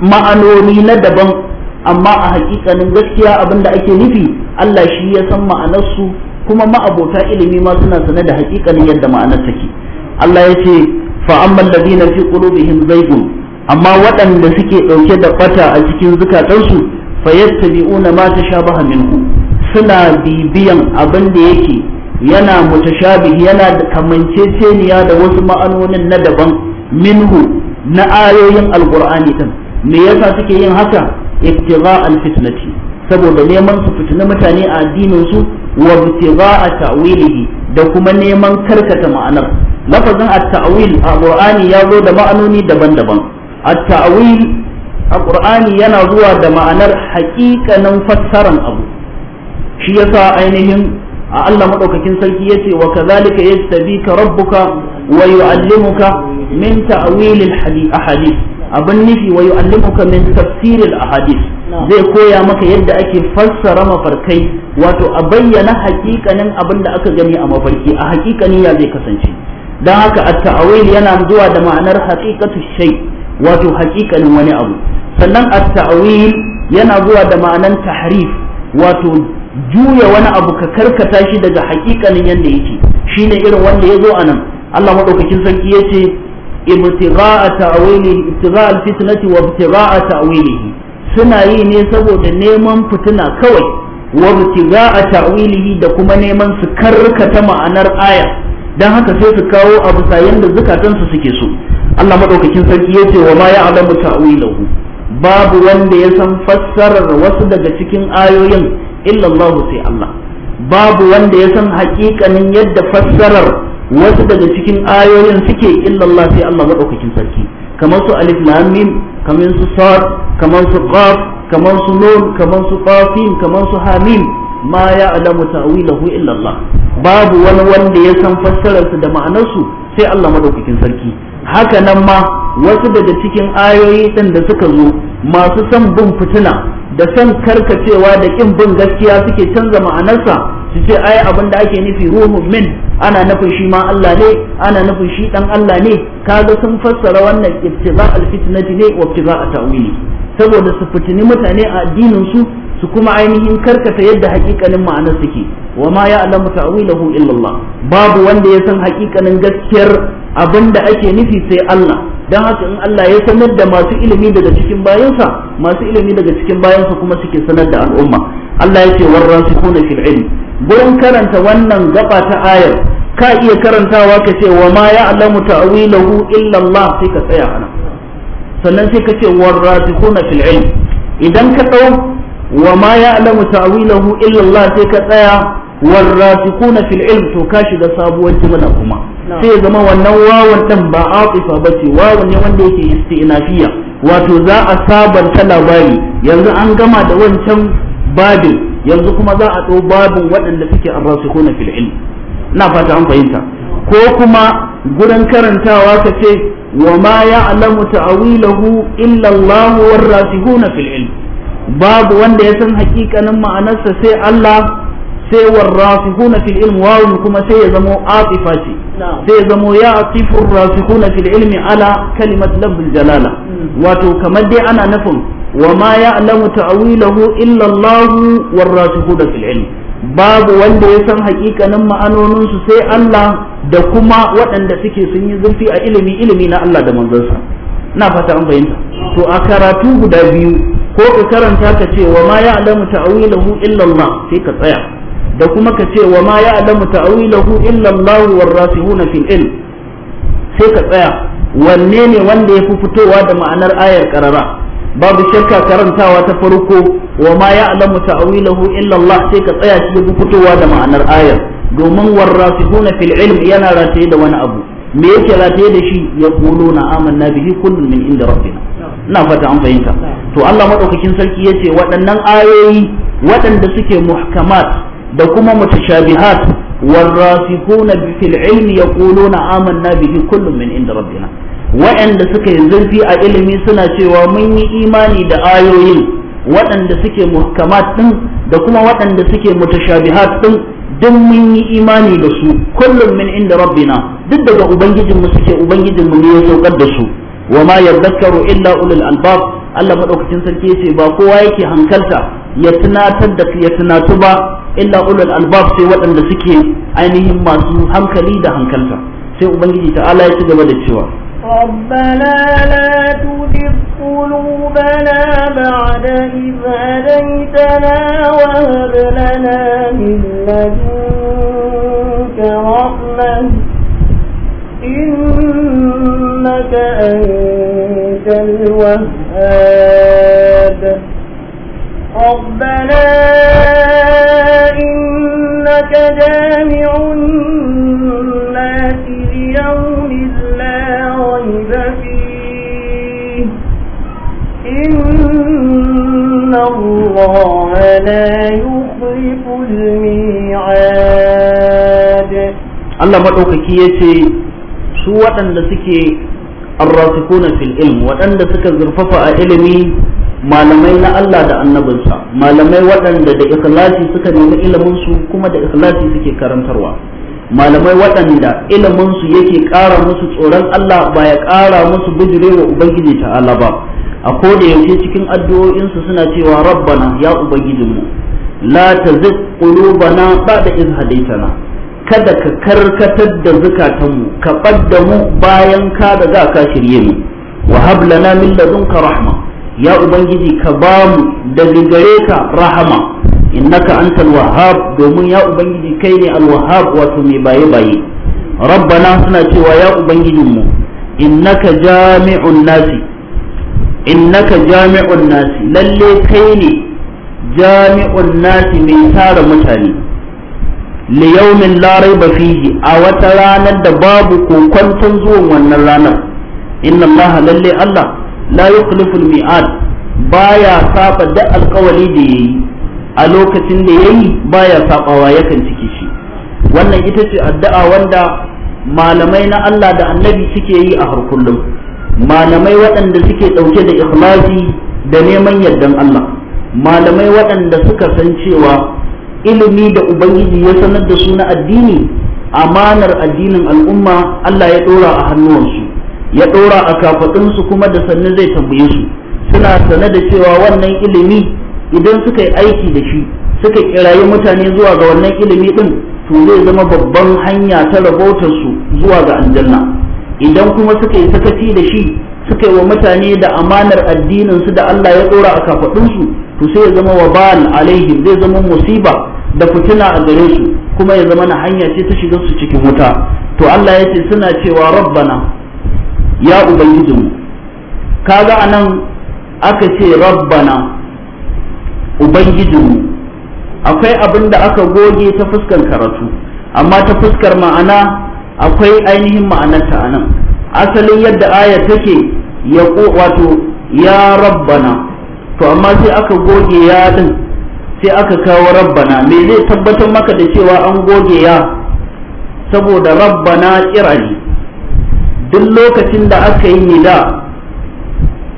ma'anoni na daban amma a hakikanin gaskiya abin da ake nufi Allah shi ya san ma'anarsu kuma ma'abota ilimi ma suna sane da hakikanin yadda ma'anar take Allah ya ce fa amman ladina fi qulubihim zaygun amma waɗanda suke ɗauke da ɓata a cikin zukatansu fa yattabi'una ma tashabaha minhu suna bibiyan abin da yake yana mutashabihi yana da kamanceceniya da wasu ma'anonin na daban minhu na ayoyin alqur'ani din me yasa suke yin haka ibtigha alfitnati saboda neman su fitina mutane a addinin su wa ibtigha ta'wilihi da kuma neman karkata ma'anar lafazin at-ta'wil a qur'ani ya zo da ma'anoni daban-daban at-ta'wil a qur'ani yana zuwa da ma'anar haƙiƙanin fassaran abu shi yasa ainihin a Allah madaukakin sarki yace wa kadhalika ka rabbuka wa yu'allimuka min ta'wilil hadith abin nufi wa yu'allimuka min tafsiril ahadith zai koya maka yadda ake fassara mafarkai wato a bayyana hakikanin abin da aka gani a mafarki a hakikani ya zai kasance dan haka at-ta'wil yana zuwa da ma'anar haqiqatu shay wato hakikanin wani abu sannan at-ta'wil yana zuwa da ma'anar tahrif wato juya wani abu ka karkata shi daga hakikanin yadda yake shine irin wanda ya zo a nan Allah madaukakin sarki yace ابتغاء ta'wilihi ابتغاء alfitnati وابتغاء ibtigha'a suna yi ne saboda neman fitina kawai wa a ta'wilihi da kuma neman su karkata ma'anar aya dan haka sai su kawo abu sayan da zukatansu suke so Allah madaukakin sarki yace wa ma ya'lamu ta'wilahu babu wanda ya san fassarar wasu daga cikin ayoyin illa Allah sai Allah babu wanda ya san hakikanin yadda fassarar wasu daga cikin ayoyin suke illallah sai Allah madaukakin sarki kamar su alif lam mim kamar su sad kamar su qaf kamar su nun kamar su qafin kamar su hamim ma ya'lamu ta'wilahu illallah babu wani wanda ya san fassararsu da ma'anarsu sai Allah maɗaukakin sarki haka nan ma wasu daga cikin ayoyi din da suka zo masu son bin fitina da son karkacewa da kin bin gaskiya suke canza ma'anarsa su ce ai abin da ake nufi ruhun min ana nufin shi ma Allah ne ana nufin shi dan Allah ne kaga sun fassara wannan ibtiza alfitnati ne wa ibtiza ta'wili saboda su fitini mutane a addinin su su kuma ainihin karkata yadda hakikanin ma'anar suke wa ma ya ya'lamu ta'wilahu illa Allah babu wanda ya san hakikanin gaskiyar abin da ake nufi sai Allah don haka in Allah ya sanar da masu ilimi daga cikin bayansa masu ilimi daga cikin bayansa kuma suke sanar da al'umma Allah ya ce warrasikuna fil ilm gurin karanta wannan gaba ta ayar ka iya karantawa ka ce wa ma ya'lamu ta'wilahu illa Allah sai ka tsaya ana sannan sai ka ce warrasikuna fil ilm idan ka dau wa ma ya'lamu ta'wilahu illa Allah sai ka tsaya warrasikuna fil ilm to ka shiga sabuwar jumla kuma sai zama wannan wawan dan ba atifa ba ce wawan ne wanda yake istinafiya wato za a sabanta labari yanzu an gama da wancan babin yanzu kuma za a ɗau babin waɗanda suke arrasukuna fil ilm ina fata an fahimta ko kuma gurin karantawa ka ce wa ma alamu ta'wilahu illa Allah war rasihuna fil ilm babu wanda ya san hakikanin ma'anarsa sai Allah sai warrasihuna fil ilmi wawun kuma sai ya zamo atifa ce sai ya zamo ya atifu fil ilmi ala kalimat lafzul jalala hmm. wato kamar dai ana nufin wa ma ya'lamu ta'wilahu illa Allah warrasihuna fil ilmi babu wanda ya san hakikanin ma'anonin su sai Allah da kuma waɗanda suke sun yi zurfi a ilimi ilimi na Allah da manzansa na fata an fahimta to a karatu guda biyu ko ka karanta ka ce wa ma ya'lamu ta'wilahu illa Allah sai ka tsaya da kuma ka ce wa ma ya'lamu ta'wilahu illa Allah war rasihuna fil ilm sai ka tsaya wanne ne wanda ya yafi fitowa da ma'anar ayar karara babu shakka karantawa ta farko wa ma ya'lamu ta'wilahu illa Allah sai ka tsaya shi yafi fitowa da ma'anar ayar domin war rasihuna fil ilm yana rataye da wani abu me yake rataye da shi ya kulo na amanna bihi kullun min inda rabbina ina fata an fahimta to Allah madaukakin sarki yace waɗannan ayoyi waɗanda suke muhkamat da kuma mutashabihat والراسخون في العلم يقولون آمنا به كل من عند ربنا waɗanda suka yi zurfi a ilimi suna cewa mun yi imani da ayoyin waɗanda suke muhkamat da kuma waɗanda suke mutashabihat ɗin duk mun yi imani da su kullum min inda rabbina duk daga ubangijinmu suke ubangijinmu ne ya saukar da su wa ma yadhakkaru illa ulul albab Allah madaukakin sarki ce ba kowa yake hankalta ya tunatar da ya tunatu ba illa ulul albab sai waɗanda suke ainihin masu hankali da hankalta sai ubangiji ta'ala ya ci gaba da cewa
ربنا لا تزغ قلوبنا بعد إذ هديتنا وهب لنا من لدنك رحمة إنك أنت
الوهاب
ربنا إنك جامع الناس ليوم لا ريب
فيه
إن الله لا يخلف الميعاد
الله مدوكي يتي su waɗanda suke arrasikuna fil ilm waɗanda suka zurfafa a ilimi malamai na Allah da annabinsa malamai waɗanda da ikhlasi suka nemi ilimin su kuma da ikhlasi suke karantarwa malamai waɗanda ilimin su yake ƙara musu tsoron Allah ba ya ƙara musu wa ubangiji ta Allah ba a koda yaushe cikin addu'o'insu suna cewa rabbana ya ubangiji mu la tazigh qulubana ba'da idh hadaytana kada ka karkatar da zukatanmu ka ɓadda mu bayan ka da ka shirye mu wa hab lana min ladunka rahma ya ubangiji ka bamu mu daga gare ka rahama innaka antal domin ya ubangiji kai ne al wahhab wato mai baye baye rabbana suna cewa ya ubangijinmu innaka jami'un innaka jami'un nasi lalle kai ne jami'un nasi mai tara mutane li yawmin la raiba fihi a wata ranar da babu kokwanton zuwan wannan ranar innallaha allaha lalle allah la yukhlifu al-mi'ad baya saba da alkawali da yayi a lokacin da yayi baya wa yakan ciki shi wannan ita ce addu'a wanda malamai na Allah da Annabi suke yi a harkullum malamai waɗanda suke ɗauke da ikhlasi da neman yardan Allah malamai waɗanda suka san cewa ilimi da ubangiji ya sanar da su na addini amanar addinin al'umma Allah ya ɗora a hannuwansu ya ɗora a kafaɗinsu kuma da sannu zai tambaye su suna sane da cewa wannan ilimi idan suka yi aiki da shi suka kirayi mutane zuwa ga wannan ilimi ɗin to zai zama babban hanya ta su zuwa ga aljanna idan kuma suka yi sakaci da shi suka yi wa mutane da amanar addininsu da Allah ya ɗora a kafaɗinsu to sai ya zama wabal alaihim zai zama musiba da fitina a gare su kuma ya zama na hanya ce ta shiga su cikin wuta to Allah ya ce suna cewa rabbana ya ubangijinmu kaga anan aka ce rabbana ubangijinmu akwai abin da aka goge ta fuskar karatu amma ta fuskar ma'ana akwai ainihin ma'anarta anan asalin yadda aya take ya wato ya rabbana to amma sai aka goge ya din sai aka kawo rabbana me zai tabbatar maka da cewa an goge ya saboda rabbana irani duk lokacin da aka yi nida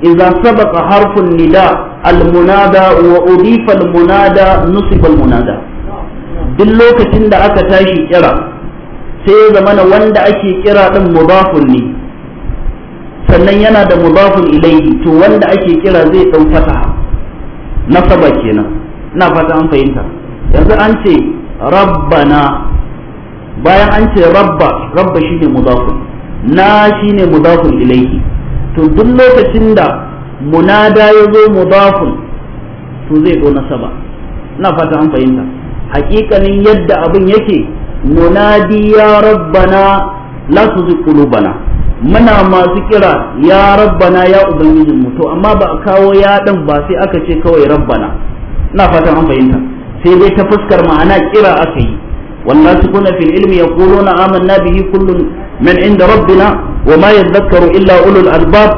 idan sabaqa harfun nida almunada wa udifa almunada nusiba almunada duk lokacin da aka tashi kira sai ya zamana wanda ake kira din mudafun ne sannan yana da mudafun ilayhi to wanda ake kira zai dau fataha nasaba kenan ina fata an fahimta yanzu an ce rabbana bayan an ce rabba rabba shine mudafun na shine mudafun ilaihi to duk lokacin da munada ya zo mudafun to zai na nasaba ina fata an fahimta hakikanin yadda abin yake munadi ya rabbana la tuzigh qulubana muna masu kira ya rabbana ya ubangijin mu to amma ba a kawo ya dan ba sai aka ce kawai rabbana ina fatan an fahimta sai dai ta fuskar ma'ana kira aka yi wallahi kuna fil ilmi yaquluna amanna bihi kullun من عند ربنا وما يذكر إلا أولو الألباب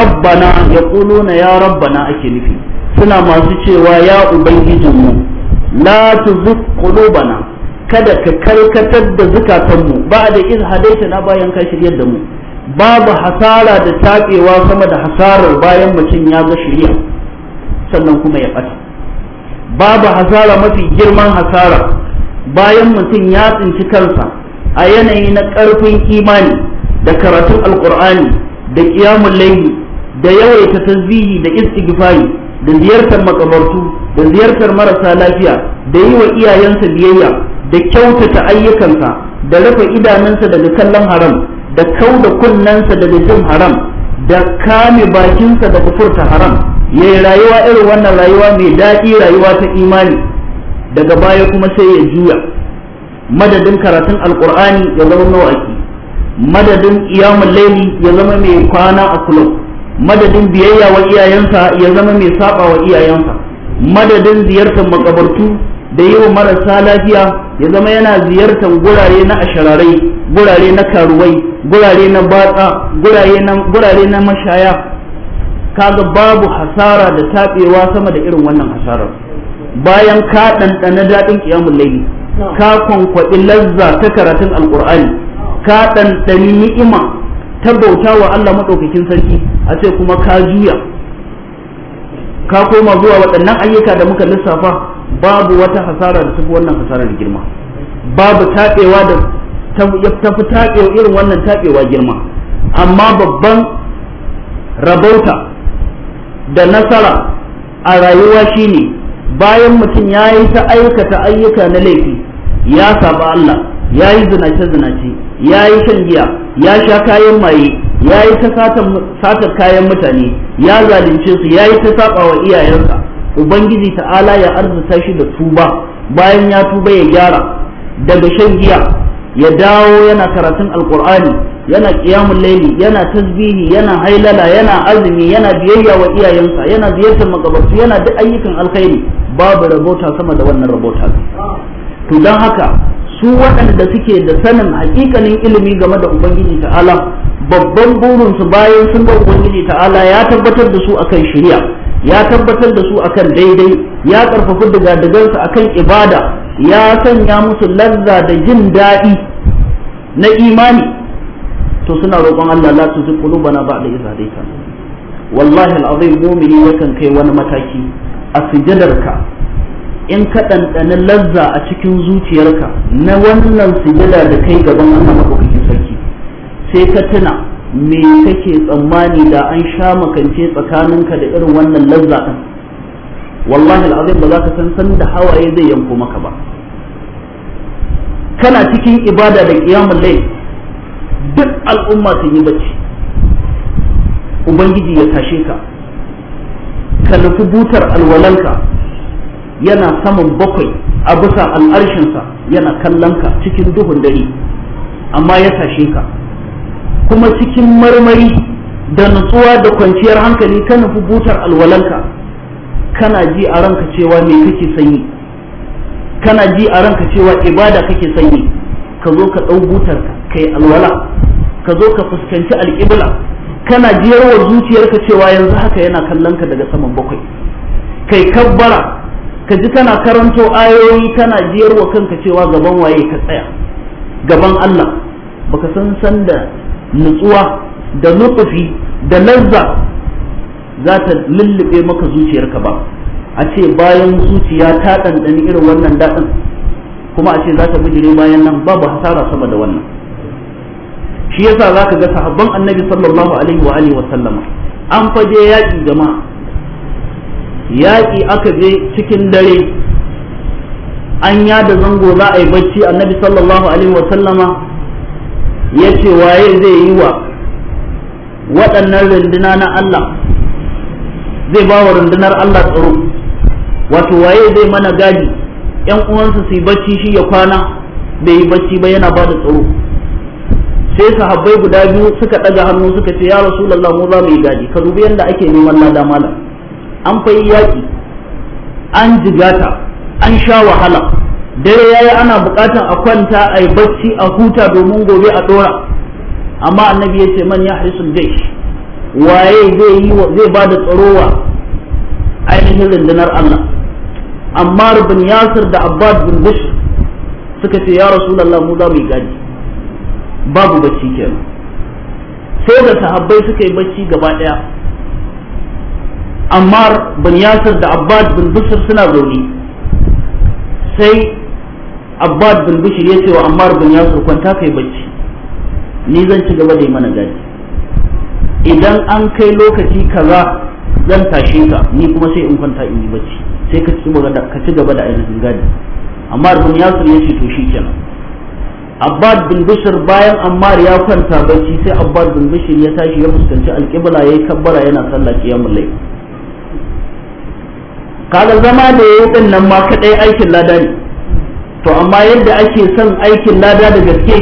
ربنا يقولون يا ربنا أكنفي سنة ما سيشيوا يا أبيجم لا تزق قلوبنا kada ka karkatar da zukatanmu ba da iz hadaita na bayan ka shiryar da mu babu hasara da taƙewa sama da hasarar bayan mutum ya ga shirya sannan kuma ya ɓata babu hasara mafi girman hasara bayan mutum ya tsinci kansa a yanayi na ƙarfin imani da karatun Alƙur'ani, da ƙiyamun laili da yawaita tasbihi da istighfari da ziyartar makamartu da ziyartar marasa lafiya da yi wa iyayensa biyayya da kyautata ayyukansa da rufe idanunsa daga kallon haram da kau da kunnensa daga jin haram da kame bakinsa daga furta haram ya yi rayuwa irin wannan rayuwa mai daɗi rayuwa ta imani daga baya kuma sai ya juya madadin karatun alkur'ani ya zama mawaki madadin iyamun laili ya zama mai kwana a kulob madadin biyayya wa iyayensa ya zama mai saba wa iyayensa madadin ziyartar makabartu da yi marasa lafiya ya zama yana ziyartar gurare na ashararai gurare na karuwai gurare na batsa gurare na mashaya kaga babu hasara da tabewa sama da irin wannan hasarar bayan ka ɗanɗana daɗin ƙiyamun laili ka kwankwaɗi lazza ta karatun Alƙur'ani, ka ɗanɗani ni'ima ta bauta wa Allah maɗaukakin sarki a ce kuma ka juya ka koma zuwa waɗannan ayyuka da muka lissafa babu wata hasara da tafi wannan hasarar girma babu taɓewa da tafi taɓewa irin wannan taɓewa girma amma babban rabauta da nasara a rayuwa shine bayan mutum ya yi ta aikata ayyuka na laifi ya saba Allah ya yi zinace zinace ya yi shan giya ya sha kayan maye ya yi ta satar kayan mutane ya zalunce su ya yi ta saba wa iyayensa ubangiji ta'ala ya arzuta shi da tuba bayan ya tuba ya gyara daga shan giya ya dawo yana karatun alkur'ani yana kiyamun laili yana tasbihi yana hailala yana azumi yana biyayya wa iyayensa yana ziyartar makabartu yana duk ayyukan alkhairi babu rabota sama da wannan rabota to don haka su waɗanda suke da sanin hakikanin ilimi game da ubangiji ta'ala babban burinsu bayan sun ga ubangiji ta'ala ya tabbatar da su akan shari'a ya tabbatar da su akan daidai ya karfafi digadigansu akan ibada ya sanya musu lazza da jin daɗi na imani to suna roƙon Allah la su zuku bana ba da iza wallahi al'azim mumini yakan kai wani mataki a ka. in ka ɗanɗana lazza a cikin zuciyarka na wannan sujada da kai gaban Allah maɗaukakin sarki sai ka tuna me kake tsammani da an sha makance tsakaninka da irin wannan lazza ɗin wallahi al'azim ba za ka san san da hawaye zai yanko maka ba kana cikin ibada da ƙiyamun lai duk al'umma sun yi bacci ubangiji ya tashe ka ka nufi butar alwalanka yana saman bakwai a bisa al'arshinsa yana kallon ka cikin duhun dare amma ya tashe ka kuma cikin marmari da nutsuwa da kwanciyar hankali ka nufi butar alwalanka kana ji a ranka cewa me kake sanyi kana ji a ranka cewa ibada kake sanyi ka zo ka ɗau butar ka yi alwala ka zo ka fuskanci alƙibla kana jiyarwa zuciyarka cewa yanzu haka yana kallon ka daga saman bakwai kai kabbara ka ji kana karanto ayoyi kana wa kanka cewa gaban waye ka tsaya gaban Allah baka san sanda nutsuwa da nutsufi da lazza za ta lullube maka zuciyarka ba a ce bayan zuciya ta ɗanɗani irin wannan daɗin kuma a ce za ta bijire bayan nan babu hasara sama da wannan shi yasa za ka ga sahabban annabi sallallahu alaihi wa alihi wa sallama an faje yaƙi jama'a yaƙi aka je cikin dare an yada zango za a yi bacci annabi sallallahu alaihi wa sallama ya ce waye zai yi wa waɗannan runduna na Allah zai ba wa rundunar Allah tsaro wato waye zai mana gadi ƴan uwansa su yi bacci shi ya kwana bai yi bacci ba yana ba da tsaro sai sahabbai guda biyu suka ɗaga hannu suka ce ya rasulallah mu za mu yi gadi ka dubi yadda ake neman lada malam an fayi yaƙi an jigata an sha wahala dare yayi ana buƙatar a kwanta a yi bacci a huta domin gobe a ɗora amma annabi ya ce man ya harisun dai waye zai yi zai ba da tsaro wa ainihin rundunar Allah amma bin yasir da abbad bin bush suka ce ya rasu mu za mu yi gadi babu bacci kenan sai da sahabbai suka yi bacci gaba ɗaya ammar bin yasir da abbad bin bushr suna zaune sai abbad bin bushr ya ce wa ammar bin yasir kwanta kai bacci ni zan ci gaba da yi mana gadi idan an kai lokaci kaza zan tashe ka ni kuma sai in kwanta in yi bacci sai ka ci gaba da ka ci gaba da ainihin gadi ammar bin yasir ya ce to shikenan abbad bin bushr bayan ammar ya kwanta bacci sai abbad bin bushr ya tashi ya fuskanci alƙibla yayi kabbara yana sallah qiyamul layl kaga zama da ya yi nan ma kaɗai aikin lada ne to amma yadda ake son aikin lada da gaske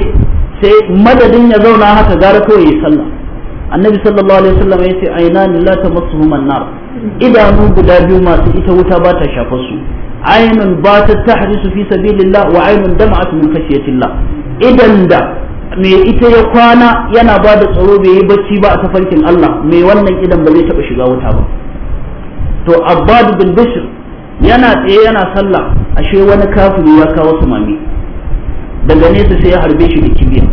sai madadin ya zauna haka gara kawai ya sallah annabi sallallahu alaihi wasallam ya ce ainan la tamassuhum nar idanu guda biyu masu ita wuta ba ta shafar su ainun ba ta tahrisu fi sabilillah wa ainun dam'at min khashyatillah idan da me ita ya kwana yana ba da tsaro bai yi bacci ba a tafarkin Allah me wannan idan ba zai taba shiga wuta ba to abbad bin bishr yana tsaye yana sallah ashe wani kafiri ya kawo su mami daga nesa sai ya harbe shi da kibiya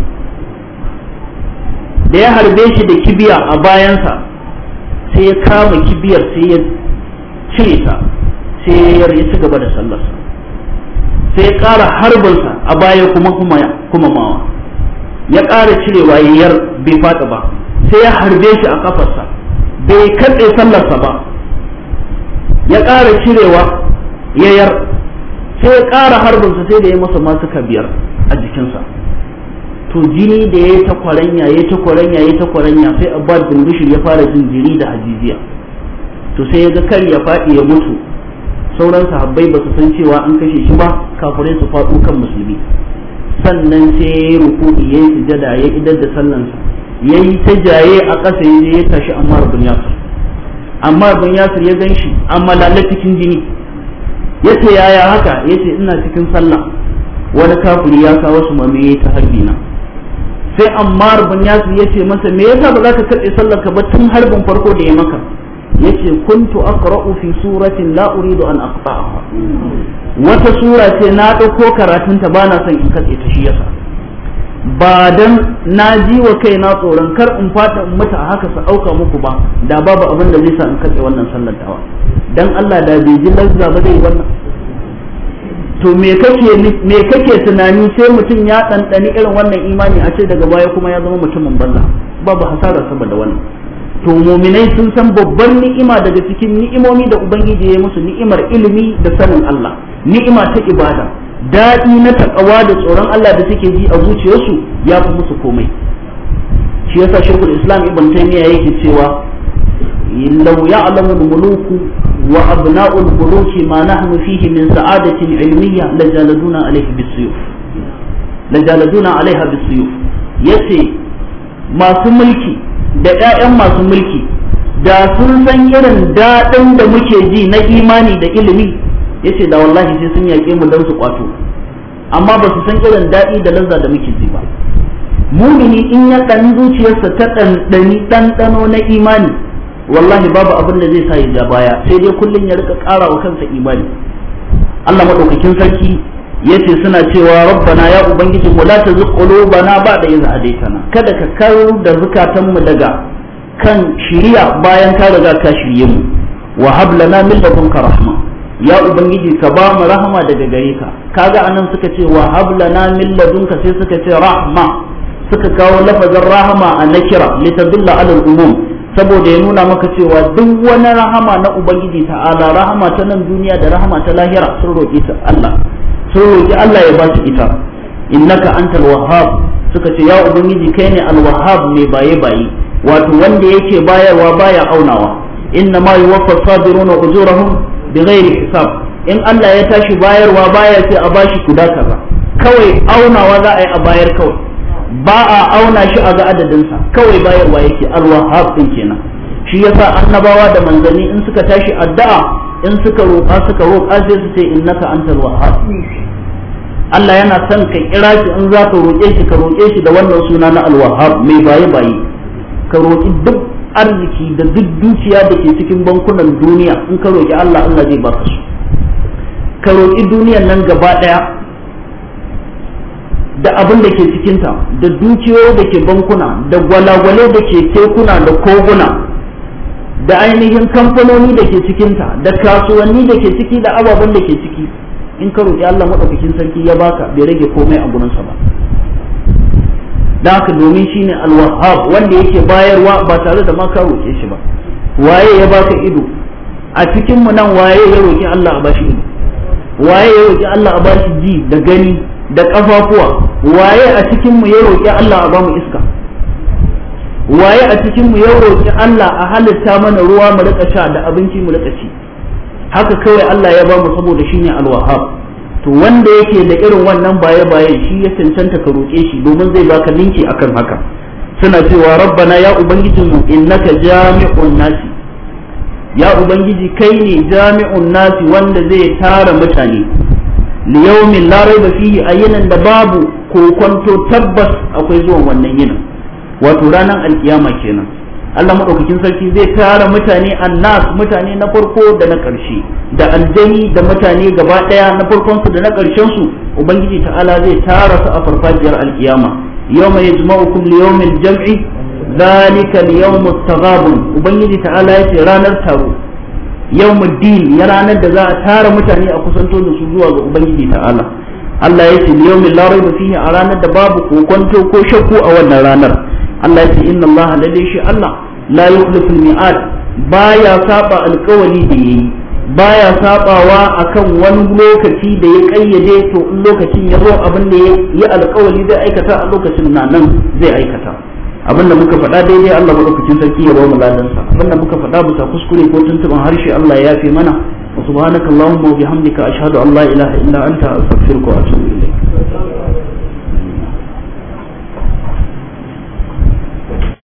da ya harbe shi da kibiya a bayansa sai ya kama kibiyar sai ya cire ta sai ya yarda ci gaba da sallarsa sai ya ƙara harbinsa a baya kuma kuma mawa ya ƙara cirewa yayar bai fada ba sai ya harbe shi a kafarsa bai katse sallarsa ba ya ƙara cirewa yar sai ya ƙara harbinsa sai da ya masa masu biyar a jikinsa to jini da ya yi ta kwaranya ya yi ta kwaranya ya yi ta kwaranya sai abbas bin bishir ya fara jin jini da hajijiya to sai ya ga kar ya faɗi ya mutu sauran sahabbai ba su san cewa an kashe shi ba kafirai su faɗo kan musulmi sannan sai ya yi ruku'i ya yi sujada ya idar da sallansa ya yi ta jaye a ƙasa ya je ya tashi amma rubun ya amma abin yasir ya gan shi amma lalle cikin jini ya ce yaya haka ya ce ina cikin sallah wani kafiri ya kawo su mame ya ta harbi sai amma bin yasir ya ce masa me yasa ba za ka karɓe sallar ka ba tun harbin farko da ya maka ya ce kuntu aqra'u fi suratin la uridu an aqta'aha wata sura ce na ɗauko karatunta ba na son in katse ta shi yasa ba dan na ji wa kai na tsoron kar in fata in mutu a haka su auka muku ba da babu abin da zai sa in katse wannan sallar dawa dan Allah da bai ji lazza ba zai wannan to me kake me kake tunani sai mutum ya ɗanɗani irin wannan imani a ce daga baya kuma ya zama mutumin banza babu hasara saboda wannan to muminai sun san babbar ni'ima daga cikin ni'imomi da ubangiji ya yi musu ni'imar ilimi da sanin Allah ni'ima ta ibada daɗi na takawa da tsoron Allah da suke ji a zuciyarsu ya fi musu komai shi yasa shirkul islam ibn taymiya yake cewa law ya'lamu al-muluku wa abna'u al-muluki ma nahnu fihi min al ilmiyya la jaladuna alayhi bisuyuf la jaladuna alayha bisuyuf yace masu mulki da ƴaƴan masu mulki da sun san irin daɗin da muke ji na imani da ilimi yace da wallahi sai sun yaƙe mu dan su kwato amma ba su san irin daɗi da lazza da muke ji ba mumini in ya ɗan zuciyarsa ta ɗanɗani ɗanɗano na imani wallahi babu abin da zai sa ya ja baya sai dai kullum ya rika ƙara wa kansa imani Allah maɗaukakin sarki ya ce suna cewa rabbana ya ubangiji mu la ba qulubana ba'da idh na kada ka karu da zukatanmu daga kan shirya bayan ka riga ka shirye mu wa hablana lana min ladunka rahma ya ubangiji ka ba mu rahama daga gare ka kaga anan suka ce wa hablana min ladunka sai suka ce rahma suka kawo lafazin rahama a nakira litadulla alal umum saboda ya nuna maka cewa duk wani rahama na ubangiji ta'ala rahama ta nan duniya da rahama ta lahira sun roƙi ta Allah sun roƙi Allah ya ba su ita innaka antal wahhab suka ce ya ubangiji kai ne al wahhab mai baye baye wato wanda yake bayarwa baya aunawa inna ma yuwaffa sabiruna ujurahum bi ghairi hisab in Allah ya tashi bayarwa baya sai a bashi kuda kaza kawai aunawa za a yi a bayar kawai ba a auna shi a ga adadinsa kawai bayarwa yake alwahab ɗin kenan shi yasa annabawa da manzanni in suka tashi addu'a in suka roƙa suka roƙa sai su ce innaka antal wahhab Allah yana son ka kira shi in za ka roƙe shi ka roƙe shi da wannan suna na alwahab mai baye baye ka roƙi duk arziki da duk dukiya da ke cikin bankunan duniya in ka roƙi Allah Allah zai baka su ka roƙi duniyan nan gaba ɗaya da abin da ke cikinta da dukiyoyi da ke bankuna da gwalagwale da ke tekuna da koguna da ainihin kamfanoni da ke cikinta da kasuwanni da ke ciki da ababen da ke ciki in ka roƙi Allah maɗaukakin sarki ya baka bai rage komai a gurinsa ba da haka domin shi ne alwahab wanda yake bayarwa ba tare da maka ka roke shi ba waye ya baka ido a cikin mu nan waye ya roki Allah a bashi ido waye ya roki Allah a bashi ji da gani da kafafuwa waye a cikin mu ya roki Allah a bamu iska waye a cikin mu ya roki Allah a halitta mana ruwa mu rika sha da abinci mu rika ci haka kawai Allah ya bamu saboda shi ne alwahab to wanda yake da irin wannan baye baye shi ya cancanta ka roƙe shi domin zai baka linki akan haka suna cewa rabbana ya ubangijinmu innaka jami'un nasi ya ubangiji kai ne jami'un nasi wanda zai tara mutane liyaumin larai da fihi a yinin da babu kokonto tabbas akwai zuwan wannan yinin wato ranar alkiyama kenan Allah madaukakin sarki zai tara mutane annas mutane na farko da na ƙarshe da aljani da mutane gaba ɗaya na farkon su da na ƙarshen su ubangiji ta'ala zai tara su a farfajiyar alkiyama yawma yajma'ukum li yawmil jam'i zalika al-yawm at ubangiji ta'ala ce ranar taro yawmud din ya ranar da za a tara mutane a kusanto da su zuwa ga ubangiji ta'ala Allah yace yawmin la rayba fihi a ranar da babu kokonto ko shakku a wannan ranar Allah yake inna Allah lalle shi Allah la yukhlifu mi'ad baya saba alkawari da yayi baya sabawa akan wani lokaci da ya kayyade to in lokacin ya zo abin da ya alkawari zai aikata a lokacin na nan zai aikata abin da muka faɗa daidai Allah madaukakin sarki ya ba mu ladansa abin da muka faɗa bisa kuskure ko tuntuban harshe Allah ya yafe mana wa subhanakallahumma wa bihamdika ashhadu an la ilaha illa anta astaghfiruka wa atubu ilayk